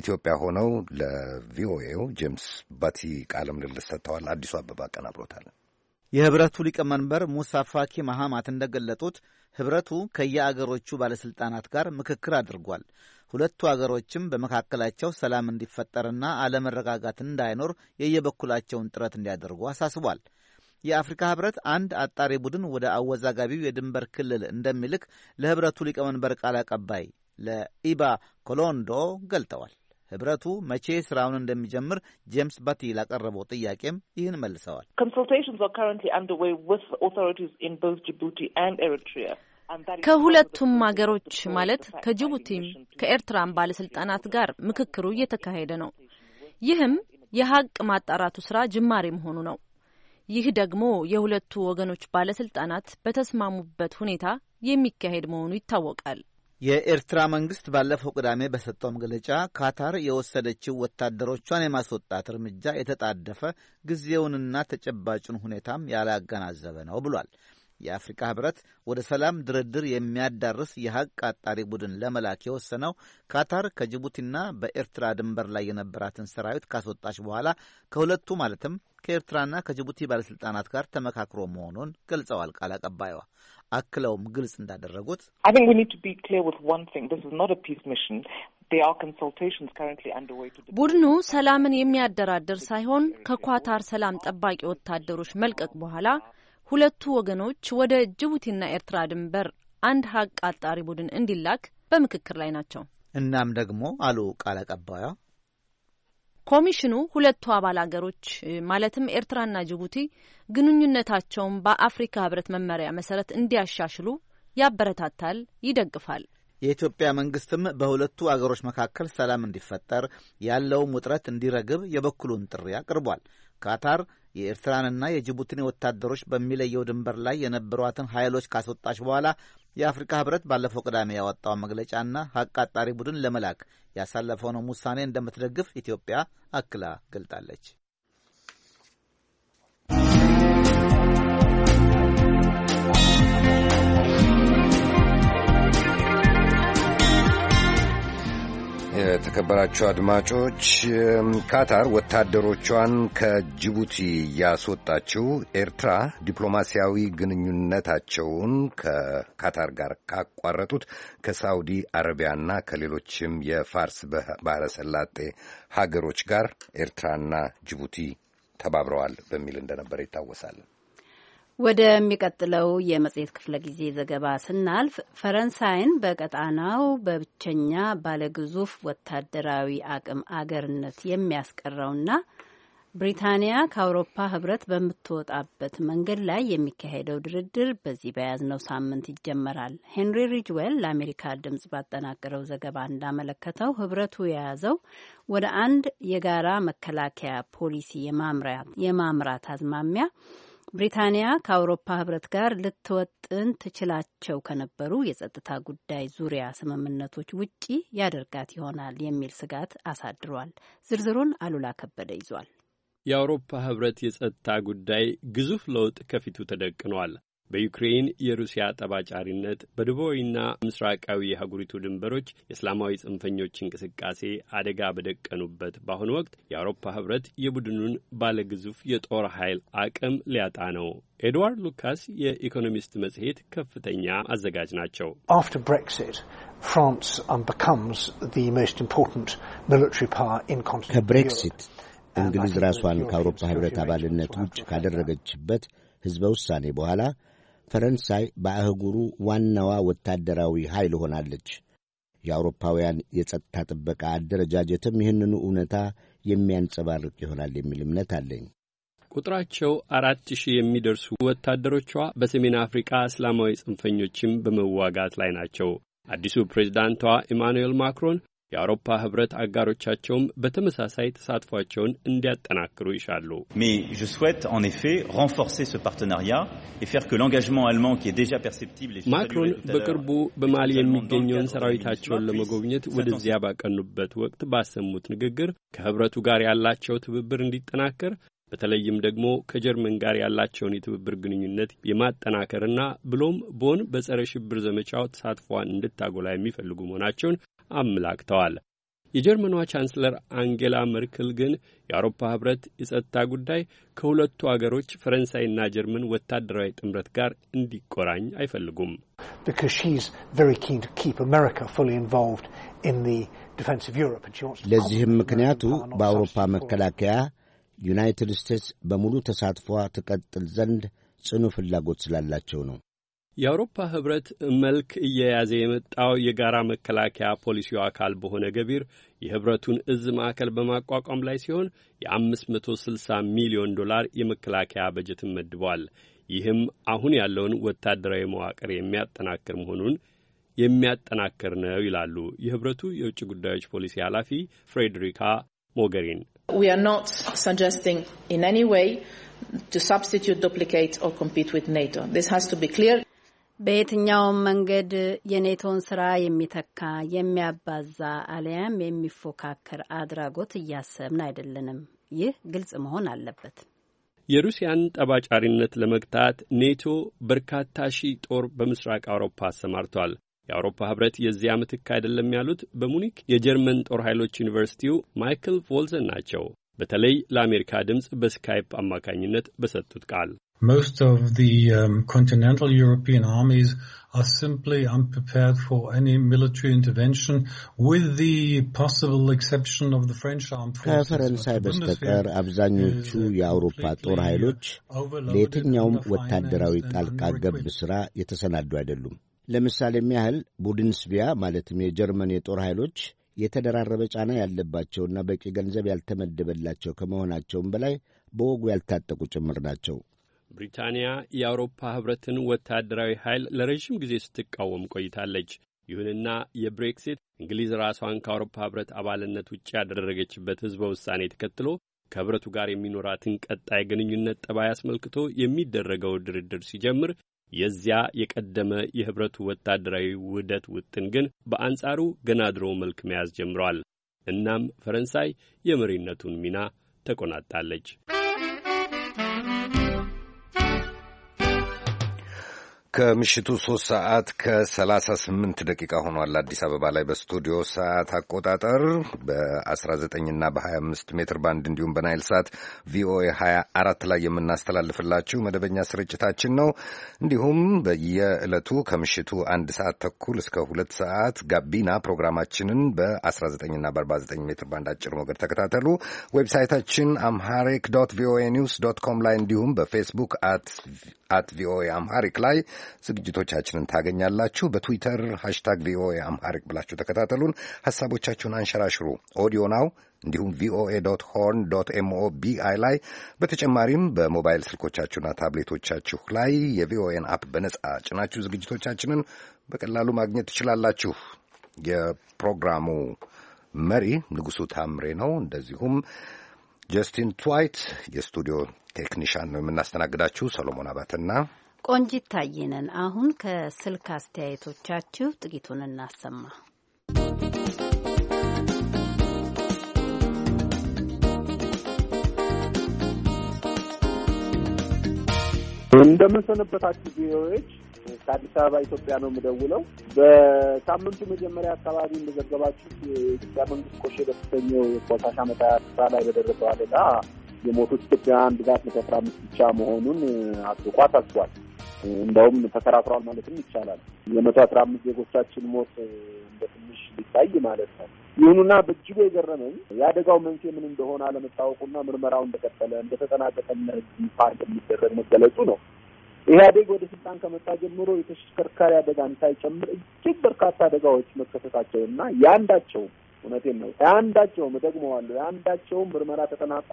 ኢትዮጵያ ሆነው ለቪኦኤው ጄምስ ባቲ ቃለ ምልልስ ሰጥተዋል። አዲሱ አበባ አቀናብሮታል። የህብረቱ ሊቀመንበር ሙሳ ፋኪ መሐማት እንደገለጡት ህብረቱ ከየአገሮቹ ባለሥልጣናት ጋር ምክክር አድርጓል። ሁለቱ አገሮችም በመካከላቸው ሰላም እንዲፈጠርና አለመረጋጋት እንዳይኖር የየበኩላቸውን ጥረት እንዲያደርጉ አሳስቧል። የአፍሪካ ህብረት አንድ አጣሪ ቡድን ወደ አወዛጋቢው የድንበር ክልል እንደሚልክ ለህብረቱ ሊቀመንበር ቃል አቀባይ ለኢባ ኮሎንዶ ገልጠዋል። ህብረቱ መቼ ስራውን እንደሚጀምር ጄምስ ባቲ ላቀረበው ጥያቄም ይህን መልሰዋል። ከሁለቱም ሀገሮች ማለት ከጅቡቲም ከኤርትራም ባለስልጣናት ጋር ምክክሩ እየተካሄደ ነው። ይህም የሀቅ ማጣራቱ ስራ ጅማሬ መሆኑ ነው። ይህ ደግሞ የሁለቱ ወገኖች ባለስልጣናት በተስማሙበት ሁኔታ የሚካሄድ መሆኑ ይታወቃል። የኤርትራ መንግስት ባለፈው ቅዳሜ በሰጠው መግለጫ ካታር የወሰደችው ወታደሮቿን የማስወጣት እርምጃ የተጣደፈ ጊዜውንና ተጨባጩን ሁኔታም ያላገናዘበ ነው ብሏል። የአፍሪካ ህብረት ወደ ሰላም ድርድር የሚያዳርስ የሀቅ አጣሪ ቡድን ለመላክ የወሰነው ካታር ከጅቡቲና በኤርትራ ድንበር ላይ የነበራትን ሰራዊት ካስወጣች በኋላ ከሁለቱ ማለትም ከኤርትራና ከጅቡቲ ባለስልጣናት ጋር ተመካክሮ መሆኑን ገልጸዋል ቃል አቀባይዋ። አክለውም ግልጽ እንዳደረጉት ቡድኑ ሰላምን የሚያደራድር ሳይሆን ከኳታር ሰላም ጠባቂ ወታደሮች መልቀቅ በኋላ ሁለቱ ወገኖች ወደ ጅቡቲና ኤርትራ ድንበር አንድ ሀቅ አጣሪ ቡድን እንዲላክ በምክክር ላይ ናቸው። እናም ደግሞ አሉ ቃል አቀባዩ ኮሚሽኑ ሁለቱ አባል አገሮች ማለትም ኤርትራና ጅቡቲ ግንኙነታቸውን በአፍሪካ ህብረት መመሪያ መሰረት እንዲያሻሽሉ ያበረታታል፣ ይደግፋል። የኢትዮጵያ መንግስትም በሁለቱ አገሮች መካከል ሰላም እንዲፈጠር ያለውም ውጥረት እንዲረግብ የበኩሉን ጥሪ አቅርቧል። ካታር የኤርትራንና የጅቡቲን ወታደሮች በሚለየው ድንበር ላይ የነበሯትን ኃይሎች ካስወጣች በኋላ የአፍሪካ ህብረት ባለፈው ቅዳሜ ያወጣው መግለጫና ሀቅ አጣሪ ቡድን ለመላክ ያሳለፈውን ውሳኔ እንደምትደግፍ ኢትዮጵያ አክላ ገልጣለች። የተከበራችሁ አድማጮች ካታር ወታደሮቿን ከጅቡቲ ያስወጣችው ኤርትራ ዲፕሎማሲያዊ ግንኙነታቸውን ከካታር ጋር ካቋረጡት ከሳውዲ አረቢያና ከሌሎችም የፋርስ ባህረ ሰላጤ ሀገሮች ጋር ኤርትራና ጅቡቲ ተባብረዋል በሚል እንደነበረ ይታወሳል። ወደሚቀጥለው የመጽሔት ክፍለ ጊዜ ዘገባ ስናልፍ ፈረንሳይን በቀጣናው በብቸኛ ባለግዙፍ ወታደራዊ አቅም አገርነት የሚያስቀረውና ብሪታንያ ከአውሮፓ ሕብረት በምትወጣበት መንገድ ላይ የሚካሄደው ድርድር በዚህ በያዝነው ሳምንት ይጀመራል። ሄንሪ ሪጅዌል ለአሜሪካ ድምጽ ባጠናቀረው ዘገባ እንዳመለከተው ሕብረቱ የያዘው ወደ አንድ የጋራ መከላከያ ፖሊሲ የማምራት አዝማሚያ ብሪታንያ ከአውሮፓ ህብረት ጋር ልትወጥን ትችላቸው ከነበሩ የጸጥታ ጉዳይ ዙሪያ ስምምነቶች ውጪ ያደርጋት ይሆናል የሚል ስጋት አሳድሯል። ዝርዝሩን አሉላ ከበደ ይዟል። የአውሮፓ ህብረት የጸጥታ ጉዳይ ግዙፍ ለውጥ ከፊቱ ተደቅኗል። በዩክሬን የሩሲያ ጠባጫሪነት በደቡባዊና ምስራቃዊ የሀገሪቱ ድንበሮች የእስላማዊ ጽንፈኞች እንቅስቃሴ አደጋ በደቀኑበት በአሁኑ ወቅት የአውሮፓ ህብረት የቡድኑን ባለግዙፍ የጦር ኃይል አቅም ሊያጣ ነው። ኤድዋርድ ሉካስ የኢኮኖሚስት መጽሔት ከፍተኛ አዘጋጅ ናቸው። ከብሬክሲት እንግሊዝ ራሷን ከአውሮፓ ህብረት አባልነት ውጭ ካደረገችበት ህዝበ ውሳኔ በኋላ ፈረንሳይ በአህጉሩ ዋናዋ ወታደራዊ ኃይል ሆናለች። የአውሮፓውያን የጸጥታ ጥበቃ አደረጃጀትም ይህንኑ እውነታ የሚያንጸባርቅ ይሆናል የሚል እምነት አለኝ። ቁጥራቸው አራት ሺህ የሚደርሱ ወታደሮቿ በሰሜን አፍሪቃ እስላማዊ ጽንፈኞችም በመዋጋት ላይ ናቸው። አዲሱ ፕሬዝዳንቷ ኢማኑኤል ማክሮን የአውሮፓ ህብረት አጋሮቻቸውም በተመሳሳይ ተሳትፏቸውን እንዲያጠናክሩ ይሻሉ። ማክሮን በቅርቡ በማሊ የሚገኘውን ሰራዊታቸውን ለመጎብኘት ወደዚያ ባቀኑበት ወቅት ባሰሙት ንግግር ከህብረቱ ጋር ያላቸው ትብብር እንዲጠናከር በተለይም ደግሞ ከጀርመን ጋር ያላቸውን የትብብር ግንኙነት የማጠናከርና ብሎም ቦን በጸረ ሽብር ዘመቻው ተሳትፏን እንድታጎላ የሚፈልጉ መሆናቸውን አመላክተዋል። የጀርመኗ ቻንስለር አንጌላ መርክል ግን የአውሮፓ ህብረት የጸጥታ ጉዳይ ከሁለቱ አገሮች ፈረንሳይና ጀርመን ወታደራዊ ጥምረት ጋር እንዲቆራኝ አይፈልጉም። ለዚህም ምክንያቱ በአውሮፓ መከላከያ ዩናይትድ ስቴትስ በሙሉ ተሳትፏ ትቀጥል ዘንድ ጽኑ ፍላጎት ስላላቸው ነው። የአውሮፓ ህብረት መልክ እየያዘ የመጣው የጋራ መከላከያ ፖሊሲው አካል በሆነ ገቢር የህብረቱን እዝ ማዕከል በማቋቋም ላይ ሲሆን የ560 ሚሊዮን ዶላር የመከላከያ በጀትን መድቧል። ይህም አሁን ያለውን ወታደራዊ መዋቅር የሚያጠናክር መሆኑን የሚያጠናክር ነው ይላሉ የህብረቱ የውጭ ጉዳዮች ፖሊሲ ኃላፊ ፍሬድሪካ ሞገሪን። We are not suggesting in any way to substitute, duplicate or compete with NATO. This has to be clear. በየትኛውም መንገድ የኔቶን ስራ የሚተካ የሚያባዛ አሊያም የሚፎካከር አድራጎት እያሰብን አይደለንም። ይህ ግልጽ መሆን አለበት። የሩሲያን ጠባጫሪነት ለመግታት ኔቶ በርካታ ሺህ ጦር በምስራቅ አውሮፓ አሰማርቷል። የአውሮፓ ህብረት የዚያ ምትክ አይደለም ያሉት በሙኒክ የጀርመን ጦር ኃይሎች ዩኒቨርሲቲው ማይክል ቮልዘን ናቸው። በተለይ ለአሜሪካ ድምፅ በስካይፕ አማካኝነት በሰጡት ቃል most of the um, continental European armies are simply unprepared for any military intervention with the possible exception of the French armed forces. ከፈረንሳይ በስተቀር አብዛኞቹ የአውሮፓ ጦር ኃይሎች ለየትኛውም ወታደራዊ ጣልቃ ገብ ሥራ የተሰናዱ አይደሉም። ለምሳሌም ያህል ቡድንስቪያ ማለትም የጀርመን የጦር ኃይሎች የተደራረበ ጫና ያለባቸውና በቂ ገንዘብ ያልተመደበላቸው ከመሆናቸውም በላይ በወጉ ያልታጠቁ ጭምር ናቸው። ብሪታንያ የአውሮፓ ህብረትን ወታደራዊ ኃይል ለረዥም ጊዜ ስትቃወም ቆይታለች። ይሁንና የብሬክሲት እንግሊዝ ራሷን ከአውሮፓ ህብረት አባልነት ውጭ ያደረገችበት ህዝበ ውሳኔ ተከትሎ ከህብረቱ ጋር የሚኖራትን ቀጣይ ግንኙነት ጠባይ አስመልክቶ የሚደረገው ድርድር ሲጀምር የዚያ የቀደመ የኅብረቱ ወታደራዊ ውህደት ውጥን ግን በአንጻሩ ገና ድሮ መልክ መያዝ ጀምሯል። እናም ፈረንሳይ የመሪነቱን ሚና ተቆናጣለች። ከምሽቱ ሶስት ሰዓት ከሰላሳ ስምንት ደቂቃ ሆኗል። አዲስ አበባ ላይ በስቱዲዮ ሰዓት አቆጣጠር በ19ና በ25 ሜትር ባንድ እንዲሁም በናይል ሰዓት ቪኦኤ 24 ላይ የምናስተላልፍላችሁ መደበኛ ስርጭታችን ነው። እንዲሁም በየዕለቱ ከምሽቱ አንድ ሰዓት ተኩል እስከ ሁለት ሰዓት ጋቢና ፕሮግራማችንን በ19ና በ49 ሜትር ባንድ አጭር ሞገድ ተከታተሉ። ዌብሳይታችን አምሃሪክ ቪኦኤ ኒውስ ዶት ኮም ላይ እንዲሁም በፌስቡክ አት አት ቪኦኤ አምሃሪክ ላይ ዝግጅቶቻችንን ታገኛላችሁ። በትዊተር ሃሽታግ ቪኦኤ አምሃሪክ ብላችሁ ተከታተሉን። ሐሳቦቻችሁን አንሸራሽሩ። ኦዲዮ ናው እንዲሁም ቪኦኤ ዶት ሆርን ዶት ኤምኦ ቢአይ ላይ በተጨማሪም በሞባይል ስልኮቻችሁና ታብሌቶቻችሁ ላይ የቪኦኤን አፕ በነጻ ጭናችሁ ዝግጅቶቻችንን በቀላሉ ማግኘት ትችላላችሁ። የፕሮግራሙ መሪ ንጉሡ ታምሬ ነው። እንደዚሁም ጀስቲን ትዋይት የስቱዲዮ ቴክኒሻን ነው የምናስተናግዳችሁ ሰሎሞን አባትና ቆንጂት ታየነን። አሁን ከስልክ አስተያየቶቻችሁ ጥቂቱን እናሰማ። እንደምንሰነበታችሁ ቪኦኤዎች ከአዲስ አበባ ኢትዮጵያ ነው የምደውለው። በሳምንቱ መጀመሪያ አካባቢ እንደዘገባችሁ የኢትዮጵያ መንግስት ቆሼ በተሰኘው የቆሻሻ መጣያ ላይ በደረሰው አደጋ የሞቱት ኢትዮጵያውያን ብዛት መቶ አስራ አምስት ብቻ መሆኑን አጥብቆ አሳስቧል። እንደውም ተከራክሯል ማለትም ይቻላል። የመቶ አስራ አምስት ዜጎቻችን ሞት እንደ ትንሽ ሊታይ ማለት ነው። ይሁኑና በእጅጉ የገረመኝ የአደጋው መንስኤ ምን እንደሆነ አለመታወቁና ምርመራው እንደቀጠለ እንደተጠናቀቀ ለህዝብ ፓርክ የሚደረግ መገለጹ ነው። ኢህአዴግ ወደ ስልጣን ከመጣ ጀምሮ የተሽከርካሪ አደጋን ሳይጨምር እጅግ በርካታ አደጋዎች መከሰታቸው መከሰታቸውና የአንዳቸውም እውነቴን ነው የአንዳቸውም እደግመዋለሁ የአንዳቸውም ምርመራ ተጠናቆ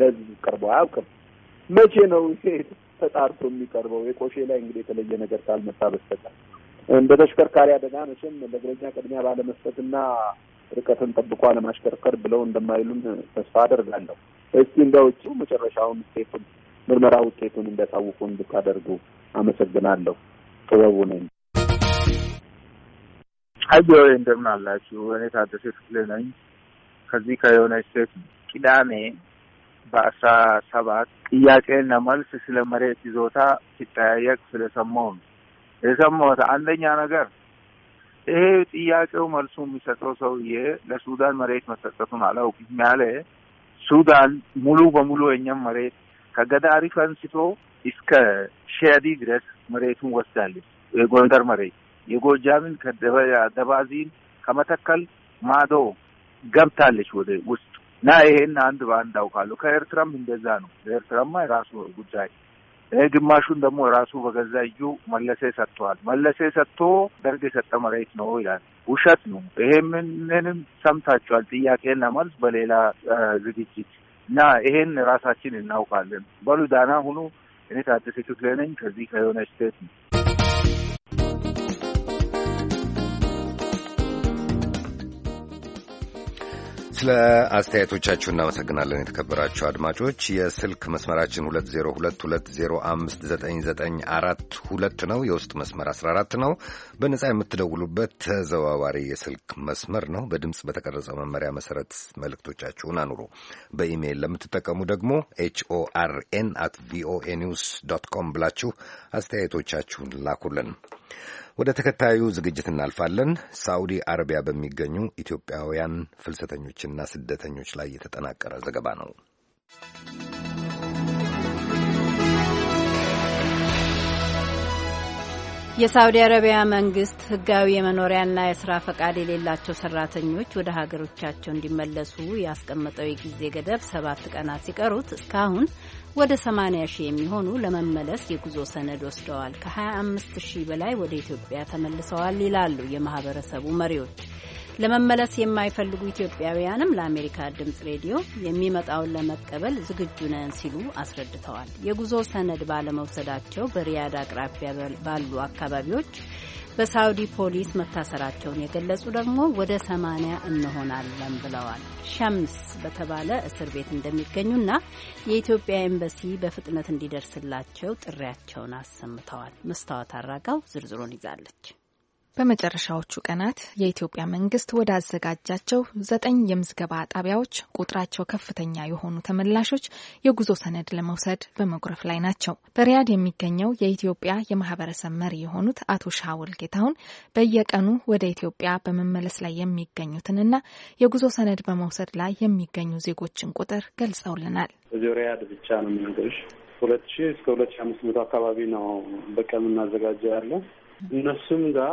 ለህዝብ ቀርቦ አያውቅም። መቼ ነው ይሄ ተጣርቶ የሚቀርበው? የቆሼ ላይ እንግዲህ የተለየ ነገር ካልመጣ በስተቀር በተሽከርካሪ አደጋ መቼም ለእግረኛ ቅድሚያ ባለመስጠትና ርቀትን ጠብቆ አለማሽከርከር ብለው እንደማይሉን ተስፋ አደርጋለሁ። እስቲ እንደ እንደውጭ መጨረሻውን ውጤቱን ምርመራ ውጤቱን እንዲያሳውቁ እንድታደርጉ አመሰግናለሁ። ጥበቡ ነኝ። አዮ እንደምን አላችሁ? እኔ ታደሴ ክፍሌ ነኝ ከዚህ ከዩናይት ስቴትስ። ቅዳሜ በአስራ ሰባት ጥያቄና መልስ ስለ መሬት ይዞታ ሲጠያየቅ ስለሰማሁ ነው የሰማሁት። አንደኛ ነገር ይሄ ጥያቄው መልሱ የሚሰጠው ሰውዬ ለሱዳን መሬት መሰጠቱን አላውቅም ያለ ሱዳን ሙሉ በሙሉ የኛም መሬት ከገዳሪ ፈንስቶ እስከ ሸዲ ድረስ መሬቱን ወስዳለች። የጎንደር መሬት የጎጃምን፣ ከደባዚን ከመተከል ማዶ ገብታለች ወደ ውስጥ እና ይሄን አንድ በአንድ አውቃለሁ። ከኤርትራም እንደዛ ነው። ኤርትራማ የራሱ ጉዳይ ግማሹን ደግሞ ራሱ በገዛ እጁ መለሴ ሰጥተዋል። መለሴ ሰጥቶ ደርግ የሰጠ መሬት ነው ይላል። ውሸት ነው። ይሄ ምንንም ሰምታችኋል። ጥያቄን ለመልስ በሌላ ዝግጅት እና ይሄን ራሳችን እናውቃለን። በሉ ዳና ሁኑ። እኔ ታደሰ ክፍሌ ነኝ ከዚህ ከሆነ ስቴት ነው። ስለ አስተያየቶቻችሁ እናመሰግናለን። የተከበራችሁ አድማጮች የስልክ መስመራችን 2022059942 ነው። የውስጥ መስመር 14 ነው። በነጻ የምትደውሉበት ተዘዋዋሪ የስልክ መስመር ነው። በድምፅ በተቀረጸ መመሪያ መሰረት መልእክቶቻችሁን አኑሩ። በኢሜይል ለምትጠቀሙ ደግሞ ኤችኦአርኤን አት ቪኦኤ ኒውስ ዶት ኮም ብላችሁ አስተያየቶቻችሁን ላኩልን። ወደ ተከታዩ ዝግጅት እናልፋለን። ሳውዲ አረቢያ በሚገኙ ኢትዮጵያውያን ፍልሰተኞችና ስደተኞች ላይ የተጠናቀረ ዘገባ ነው። የሳውዲ አረቢያ መንግስት ህጋዊ የመኖሪያና የስራ ፈቃድ የሌላቸው ሰራተኞች ወደ ሀገሮቻቸው እንዲመለሱ ያስቀመጠው የጊዜ ገደብ ሰባት ቀናት ሲቀሩት እስካሁን ወደ 80 ሺህ የሚሆኑ ለመመለስ የጉዞ ሰነድ ወስደዋል። ከ25 ሺህ በላይ ወደ ኢትዮጵያ ተመልሰዋል ይላሉ የማህበረሰቡ መሪዎች። ለመመለስ የማይፈልጉ ኢትዮጵያውያንም ለአሜሪካ ድምፅ ሬዲዮ የሚመጣውን ለመቀበል ዝግጁ ነን ሲሉ አስረድተዋል። የጉዞ ሰነድ ባለመውሰዳቸው በሪያድ አቅራቢያ ባሉ አካባቢዎች በሳውዲ ፖሊስ መታሰራቸውን የገለጹ ደግሞ ወደ ሰማንያ እንሆናለን ብለዋል። ሸምስ በተባለ እስር ቤት እንደሚገኙና የኢትዮጵያ ኤምባሲ በፍጥነት እንዲደርስላቸው ጥሪያቸውን አሰምተዋል። መስታወት አራጋው ዝርዝሩን ይዛለች። በመጨረሻዎቹ ቀናት የኢትዮጵያ መንግስት ወዳዘጋጃቸው ዘጠኝ የምዝገባ ጣቢያዎች ቁጥራቸው ከፍተኛ የሆኑ ተመላሾች የጉዞ ሰነድ ለመውሰድ በመጉረፍ ላይ ናቸው። በሪያድ የሚገኘው የኢትዮጵያ የማህበረሰብ መሪ የሆኑት አቶ ሻውል ጌታሁን በየቀኑ ወደ ኢትዮጵያ በመመለስ ላይ የሚገኙትንና የጉዞ ሰነድ በመውሰድ ላይ የሚገኙ ዜጎችን ቁጥር ገልጸውልናል። ሪያድ ብቻ ነው ሁለት ሺህ እስከ ሁለት ሺህ አምስት መቶ አካባቢ ነው በቀን እናዘጋጀው እነሱም ጋር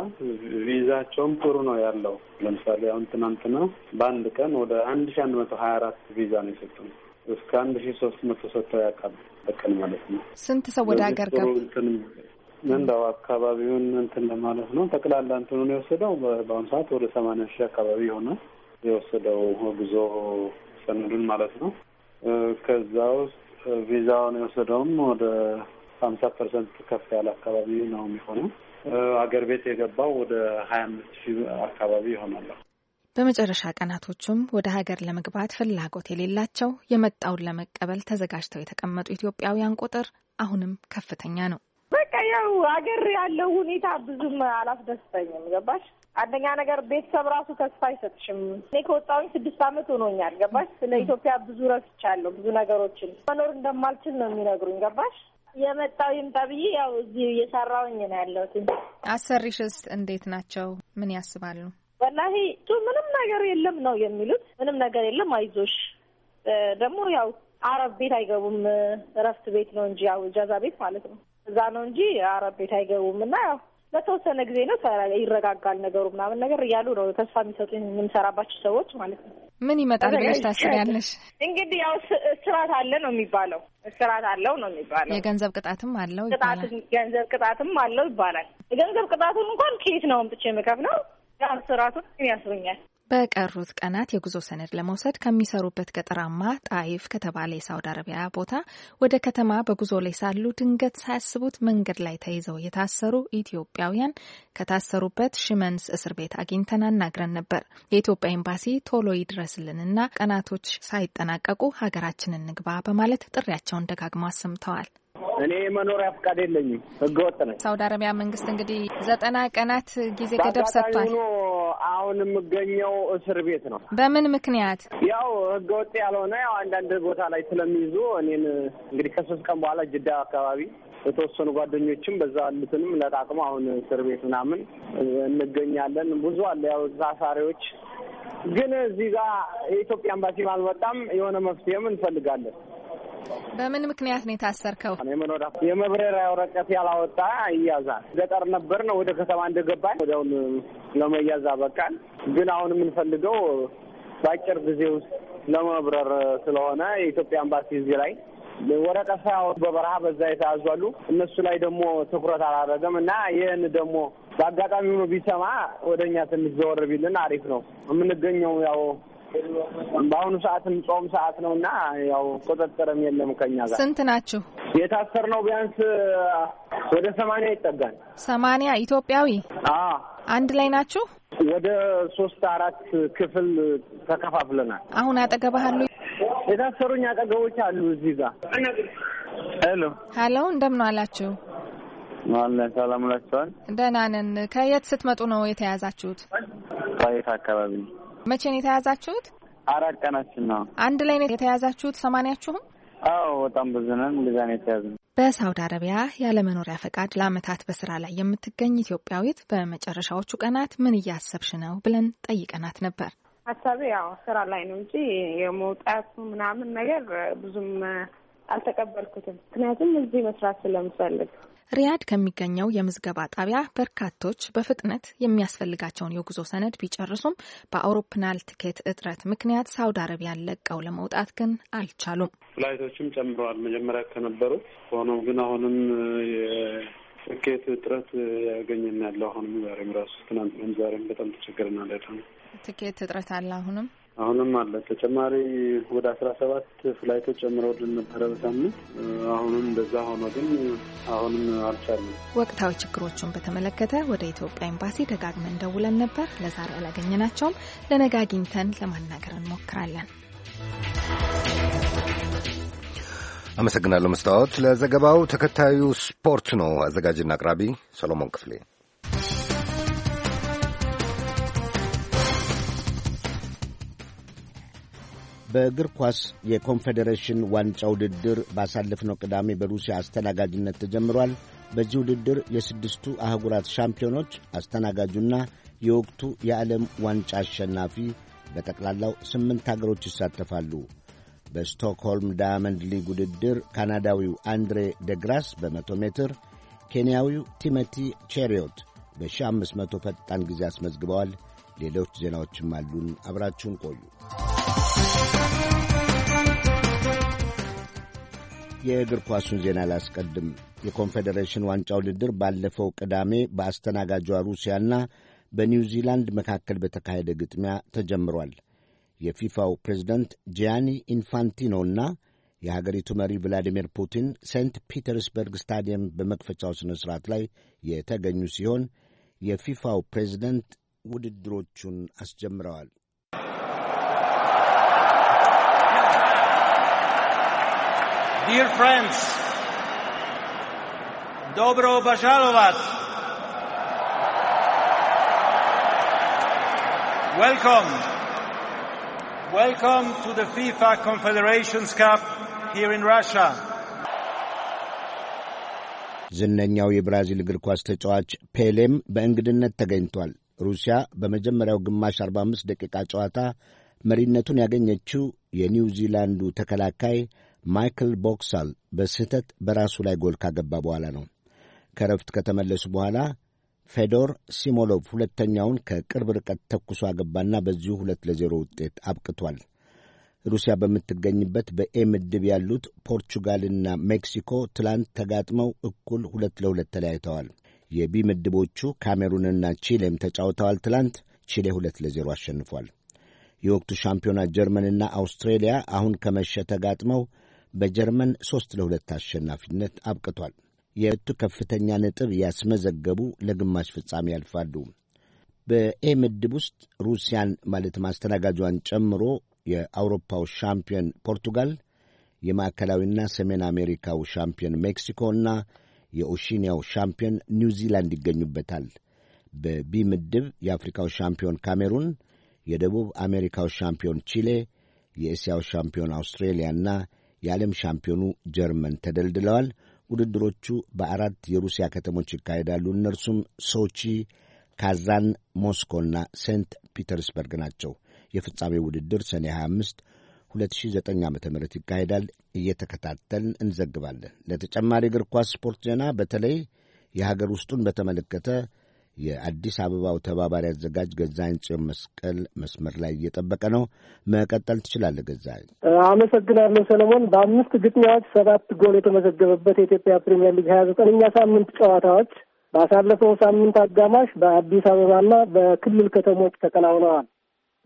ቪዛቸውም ጥሩ ነው ያለው። ለምሳሌ አሁን ትናንትና በአንድ ቀን ወደ አንድ ሺ አንድ መቶ ሀያ አራት ቪዛ ነው የሰጡን። እስከ አንድ ሺ ሶስት መቶ ሰጥተው ያውቃል በቀን ማለት ነው። ስንት ሰው ወደ ሀገር ገባ? እንደው አካባቢውን እንትን ለማለት ነው ጠቅላላ እንትኑን የወሰደው በአሁኑ ሰዓት ወደ ሰማንያ ሺህ አካባቢ የሆነ የወሰደው ጉዞ ሰነዱን ማለት ነው። ከዛ ውስጥ ቪዛውን የወሰደውም ወደ ሀምሳ ፐርሰንት ከፍ ያለ አካባቢ ነው የሚሆነው። አገር ቤት የገባው ወደ ሀያ አምስት ሺህ አካባቢ ይሆናለሁ። በመጨረሻ ቀናቶቹም ወደ ሀገር ለመግባት ፍላጎት የሌላቸው የመጣውን ለመቀበል ተዘጋጅተው የተቀመጡ ኢትዮጵያውያን ቁጥር አሁንም ከፍተኛ ነው። በቃ ያው ሀገር ያለው ሁኔታ ብዙም አላስደስተኝም። ገባሽ? አንደኛ ነገር ቤተሰብ ራሱ ተስፋ አይሰጥሽም። እኔ ከወጣሁኝ ስድስት ዓመት ሆኖኛል። ገባሽ? ስለ ኢትዮጵያ ብዙ ረስቻለሁ። ብዙ ነገሮችን መኖር እንደማልችል ነው የሚነግሩኝ። ገባሽ? የመጣው ይምጣ ብዬ ያው እዚህ እየሰራውኝ ነው ያለሁት። አሰሪሽስ እንዴት ናቸው? ምን ያስባሉ? ወላሂ ምንም ነገር የለም ነው የሚሉት። ምንም ነገር የለም አይዞሽ። ደግሞ ያው አረብ ቤት አይገቡም እረፍት ቤት ነው እንጂ ያው እጃዛ ቤት ማለት ነው እዛ ነው እንጂ አረብ ቤት አይገቡም እና ያው ለተወሰነ ጊዜ ነው ይረጋጋል ነገሩ ምናምን ነገር እያሉ ነው ተስፋ የሚሰጡ የምንሰራባቸው ሰዎች ማለት ነው። ምን ይመጣል ብለሽ ታስቢያለሽ? እንግዲህ ያው እስራት አለ ነው የሚባለው፣ እስራት አለው ነው የሚባለው። የገንዘብ ቅጣትም አለው ይባላል። ገንዘብ ቅጣትም አለው ይባላል። የገንዘብ ቅጣቱን እንኳን ከየት ነው አምጥቼ የምከፍለው? ያው እስራቱን ያስሩኛል። በቀሩት ቀናት የጉዞ ሰነድ ለመውሰድ ከሚሰሩበት ገጠራማ ጣይፍ ከተባለ የሳውዲ አረቢያ ቦታ ወደ ከተማ በጉዞ ላይ ሳሉ ድንገት ሳያስቡት መንገድ ላይ ተይዘው የታሰሩ ኢትዮጵያውያን ከታሰሩበት ሽመንስ እስር ቤት አግኝተን አናግረን ነበር። የኢትዮጵያ ኤምባሲ ቶሎ ይድረስልንና ቀናቶች ሳይጠናቀቁ ሀገራችንን ንግባ በማለት ጥሪያቸውን ደጋግመው አሰምተዋል። እኔ መኖሪያ ፍቃድ የለኝም፣ ህገወጥ ነኝ። ሳውዲ አረቢያ መንግስት እንግዲህ ዘጠና ቀናት ጊዜ ገደብ ሰጥቷል። አሁን የምገኘው እስር ቤት ነው። በምን ምክንያት? ያው ህገወጥ ያልሆነ ያው አንዳንድ ቦታ ላይ ስለሚይዙ እኔን እንግዲህ ከሶስት ቀን በኋላ ጅዳ አካባቢ የተወሰኑ ጓደኞችም በዛ ያሉትንም ለጣቅሞ አሁን እስር ቤት ምናምን እንገኛለን። ብዙ አለ ያው ታሳሪዎች ግን እዚህ ጋር የኢትዮጵያ ኤምባሲም አልመጣም። የሆነ መፍትሄም እንፈልጋለን። በምን ምክንያት ነው የታሰርከው? የመብረሪያ ወረቀት ያላወጣ ይያዛል። ገጠር ነበርን። ወደ ከተማ እንደገባን ወዲያውኑ ለመያዝ አበቃን። ግን አሁን የምንፈልገው በአጭር ጊዜ ውስጥ ለመብረር ስለሆነ የኢትዮጵያ ኤምባሲ እዚህ ላይ ወረቀት ሳያወጡ በበረሃ በዛ የተያዙ አሉ። እነሱ ላይ ደግሞ ትኩረት አላደረገም እና ይህን ደግሞ በአጋጣሚ ሆኖ ቢሰማ ወደ እኛ ትንሽ ዘወር ቢልን አሪፍ ነው። የምንገኘው ያው በአሁኑ ሰዓትም ጾም ሰዓት ነው እና ያው ቁጥጥርም የለም ከኛ ጋር። ስንት ናችሁ ነው ቢያንስ ወደ ሰማንያ ይጠጋል። ሰማንያ ኢትዮጵያዊ አንድ ላይ ናችሁ? ወደ ሶስት አራት ክፍል ተከፋፍለናል። አሁን አጠገብህ አሉ የታሰሩኝ አጠገቦች አሉ እዚህ ጋር። ሎ ሀሎ እንደምን አላችሁ? አለን ሰላም ላችኋል። ደህና ነን። ከየት ስትመጡ ነው የተያዛችሁት? ጣይት አካባቢ መቼ ነው የተያዛችሁት? አራት ቀናችን ነው። አንድ ላይ ነው የተያዛችሁት? ሰማንያችሁም? አዎ፣ በጣም ብዙ ነን። እንደዛ ነው የተያዝነው። በሳውዲ አረቢያ ያለመኖሪያ ፈቃድ ለአመታት በስራ ላይ የምትገኝ ኢትዮጵያዊት በመጨረሻዎቹ ቀናት ምን እያሰብሽ ነው ብለን ጠይቀናት ነበር። ሀሳቤ ያው ስራ ላይ ነው እንጂ የመውጣቱ ምናምን ነገር ብዙም አልተቀበልኩትም። ምክንያቱም እዚህ መስራት ስለምፈልግ ሪያድ ከሚገኘው የምዝገባ ጣቢያ በርካቶች በፍጥነት የሚያስፈልጋቸውን የጉዞ ሰነድ ቢጨርሱም በአውሮፕላን ትኬት እጥረት ምክንያት ሳውዲ አረቢያን ለቀው ለመውጣት ግን አልቻሉም። ፍላይቶችም ጨምረዋል መጀመሪያ ከነበሩት። ሆኖም ግን አሁንም የትኬት እጥረት ያገኘን ያለው አሁንም ዛሬም ራሱ ትናንትናም ዛሬም በጣም ተቸገረናል። ያለ ትኬት እጥረት አለ አሁንም አሁንም አለ ተጨማሪ ወደ አስራ ሰባት ፍላይቶች ጨምረውልን ነበረ በሳምንት አሁንም እንደዛ ሆኖ ግን አሁንም አልቻለም። ወቅታዊ ችግሮቹን በተመለከተ ወደ ኢትዮጵያ ኤምባሲ ደጋግመን ደውለን ነበር። ለዛሬ አላገኘናቸውም። ለነገ አግኝተን ለማናገር እንሞክራለን። አመሰግናለሁ መስታወት ለዘገባው። ተከታዩ ስፖርት ነው። አዘጋጅና አቅራቢ ሰሎሞን ክፍሌ በእግር ኳስ የኮንፌዴሬሽን ዋንጫ ውድድር ባሳለፍነው ቅዳሜ በሩሲያ አስተናጋጅነት ተጀምሯል። በዚህ ውድድር የስድስቱ አህጉራት ሻምፒዮኖች አስተናጋጁና የወቅቱ የዓለም ዋንጫ አሸናፊ በጠቅላላው ስምንት አገሮች ይሳተፋሉ። በስቶክሆልም ዳያመንድ ሊግ ውድድር ካናዳዊው አንድሬ ደግራስ በመቶ ሜትር፣ ኬንያዊው ቲሞቲ ቼሪዮት በ1500 ፈጣን ጊዜ አስመዝግበዋል። ሌሎች ዜናዎችም አሉን። አብራችሁን ቆዩ። የእግር ኳሱን ዜና ላስቀድም። የኮንፌዴሬሽን ዋንጫ ውድድር ባለፈው ቅዳሜ በአስተናጋጇ ሩሲያና በኒውዚላንድ መካከል በተካሄደ ግጥሚያ ተጀምሯል። የፊፋው ፕሬዝደንት ጂያኒ ኢንፋንቲኖና የሀገሪቱ መሪ ቭላዲሚር ፑቲን ሴንት ፒተርስበርግ ስታዲየም በመክፈቻው ሥነ ሥርዓት ላይ የተገኙ ሲሆን የፊፋው ፕሬዝደንት ውድድሮቹን አስጀምረዋል። ዲር ፍሬንድስ ዶብሮ ባሻሎቫት ዌልኮም ዌልኮም ቱ ዘ ፊፋ ኮንፌዴሬሽንስ ካፕ ሂር ኢን ራሽያ። ዝነኛው የብራዚል እግር ኳስ ተጫዋች ፔሌም በእንግድነት ተገኝቷል። ሩሲያ በመጀመሪያው ግማሽ 45 ደቂቃ ጨዋታ መሪነቱን ያገኘችው የኒው ዚላንዱ ተከላካይ ማይክል ቦክሳል በስህተት በራሱ ላይ ጎል ካገባ በኋላ ነው። ከረፍት ከተመለሱ በኋላ ፌዶር ሲሞሎቭ ሁለተኛውን ከቅርብ ርቀት ተኩሶ አገባና በዚሁ ሁለት ለዜሮ ውጤት አብቅቷል። ሩሲያ በምትገኝበት በኤ ምድብ ያሉት ፖርቹጋልና ሜክሲኮ ትላንት ተጋጥመው እኩል ሁለት ለሁለት ተለያይተዋል። የቢ ምድቦቹ ካሜሩንና ቺሌም ተጫውተዋል። ትላንት ቺሌ ሁለት ለዜሮ አሸንፏል። የወቅቱ ሻምፒዮና ጀርመንና አውስትሬሊያ አሁን ከመሸ ተጋጥመው በጀርመን ሦስት ለሁለት አሸናፊነት አብቅቷል። የቱ ከፍተኛ ነጥብ ያስመዘገቡ ለግማሽ ፍጻሜ ያልፋሉ። በኤ ምድብ ውስጥ ሩሲያን ማለት ማስተናጋጇን ጨምሮ የአውሮፓው ሻምፒዮን ፖርቱጋል፣ የማዕከላዊና ሰሜን አሜሪካው ሻምፒዮን ሜክሲኮ እና የኦሺኒያው ሻምፒዮን ኒውዚላንድ ይገኙበታል። በቢ ምድብ የአፍሪካው ሻምፒዮን ካሜሩን፣ የደቡብ አሜሪካው ሻምፒዮን ቺሌ፣ የእስያው ሻምፒዮን አውስትሬሊያና የዓለም ሻምፒዮኑ ጀርመን ተደልድለዋል። ውድድሮቹ በአራት የሩሲያ ከተሞች ይካሄዳሉ። እነርሱም ሶቺ፣ ካዛን፣ ሞስኮና ሴንት ፒተርስበርግ ናቸው። የፍጻሜው ውድድር ሰኔ 25 2009 ዓ ም ይካሄዳል። እየተከታተልን እንዘግባለን። ለተጨማሪ እግር ኳስ ስፖርት ዜና በተለይ የሀገር ውስጡን በተመለከተ የአዲስ አበባው ተባባሪ አዘጋጅ ገዛኝ ጽዮን መስቀል መስመር ላይ እየጠበቀ ነው። መቀጠል ትችላለህ ገዛኝ። አመሰግናለሁ ሰለሞን። በአምስት ግጥሚያዎች ሰባት ጎል የተመዘገበበት የኢትዮጵያ ፕሪምየር ሊግ ሀያ ዘጠነኛ ሳምንት ጨዋታዎች ባሳለፈው ሳምንት አጋማሽ በአዲስ አበባና በክልል ከተሞች ተከናውነዋል።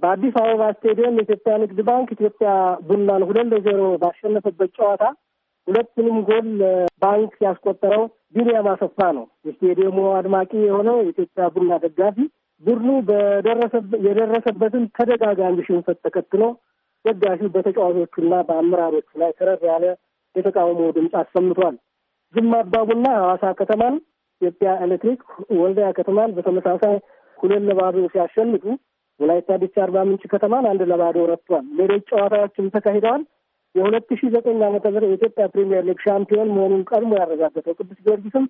በአዲስ አበባ ስቴዲየም የኢትዮጵያ ንግድ ባንክ ኢትዮጵያ ቡናን ሁለት ለዜሮ ባሸነፈበት ጨዋታ ሁለቱንም ጎል ባንክ ያስቆጠረው ቢኒያም አሰፋ ነው። የስቴዲየሙ አድማቂ የሆነው የኢትዮጵያ ቡና ደጋፊ ቡድኑ የደረሰበትን ተደጋጋሚ ሽንፈት ተከትሎ ደጋፊው በተጫዋቾቹና በአመራሮቹ ላይ ከረር ያለ የተቃውሞ ድምፅ አሰምቷል። ዝማ ቡና ሐዋሳ ከተማን፣ ኢትዮጵያ ኤሌክትሪክ ወልዳያ ከተማን በተመሳሳይ ሁለት ለባዶ ሲያሸንፉ ወላይታ ዲቻ አርባ ምንጭ ከተማን አንድ ለባዶ ረቷል። ሌሎች ጨዋታዎችም ተካሂደዋል። የሁለት ሺ ዘጠኝ ዓመተ ምህረት የኢትዮጵያ ፕሪምየር ሊግ ሻምፒዮን መሆኑን ቀድሞ ያረጋገጠው ቅዱስ ጊዮርጊስም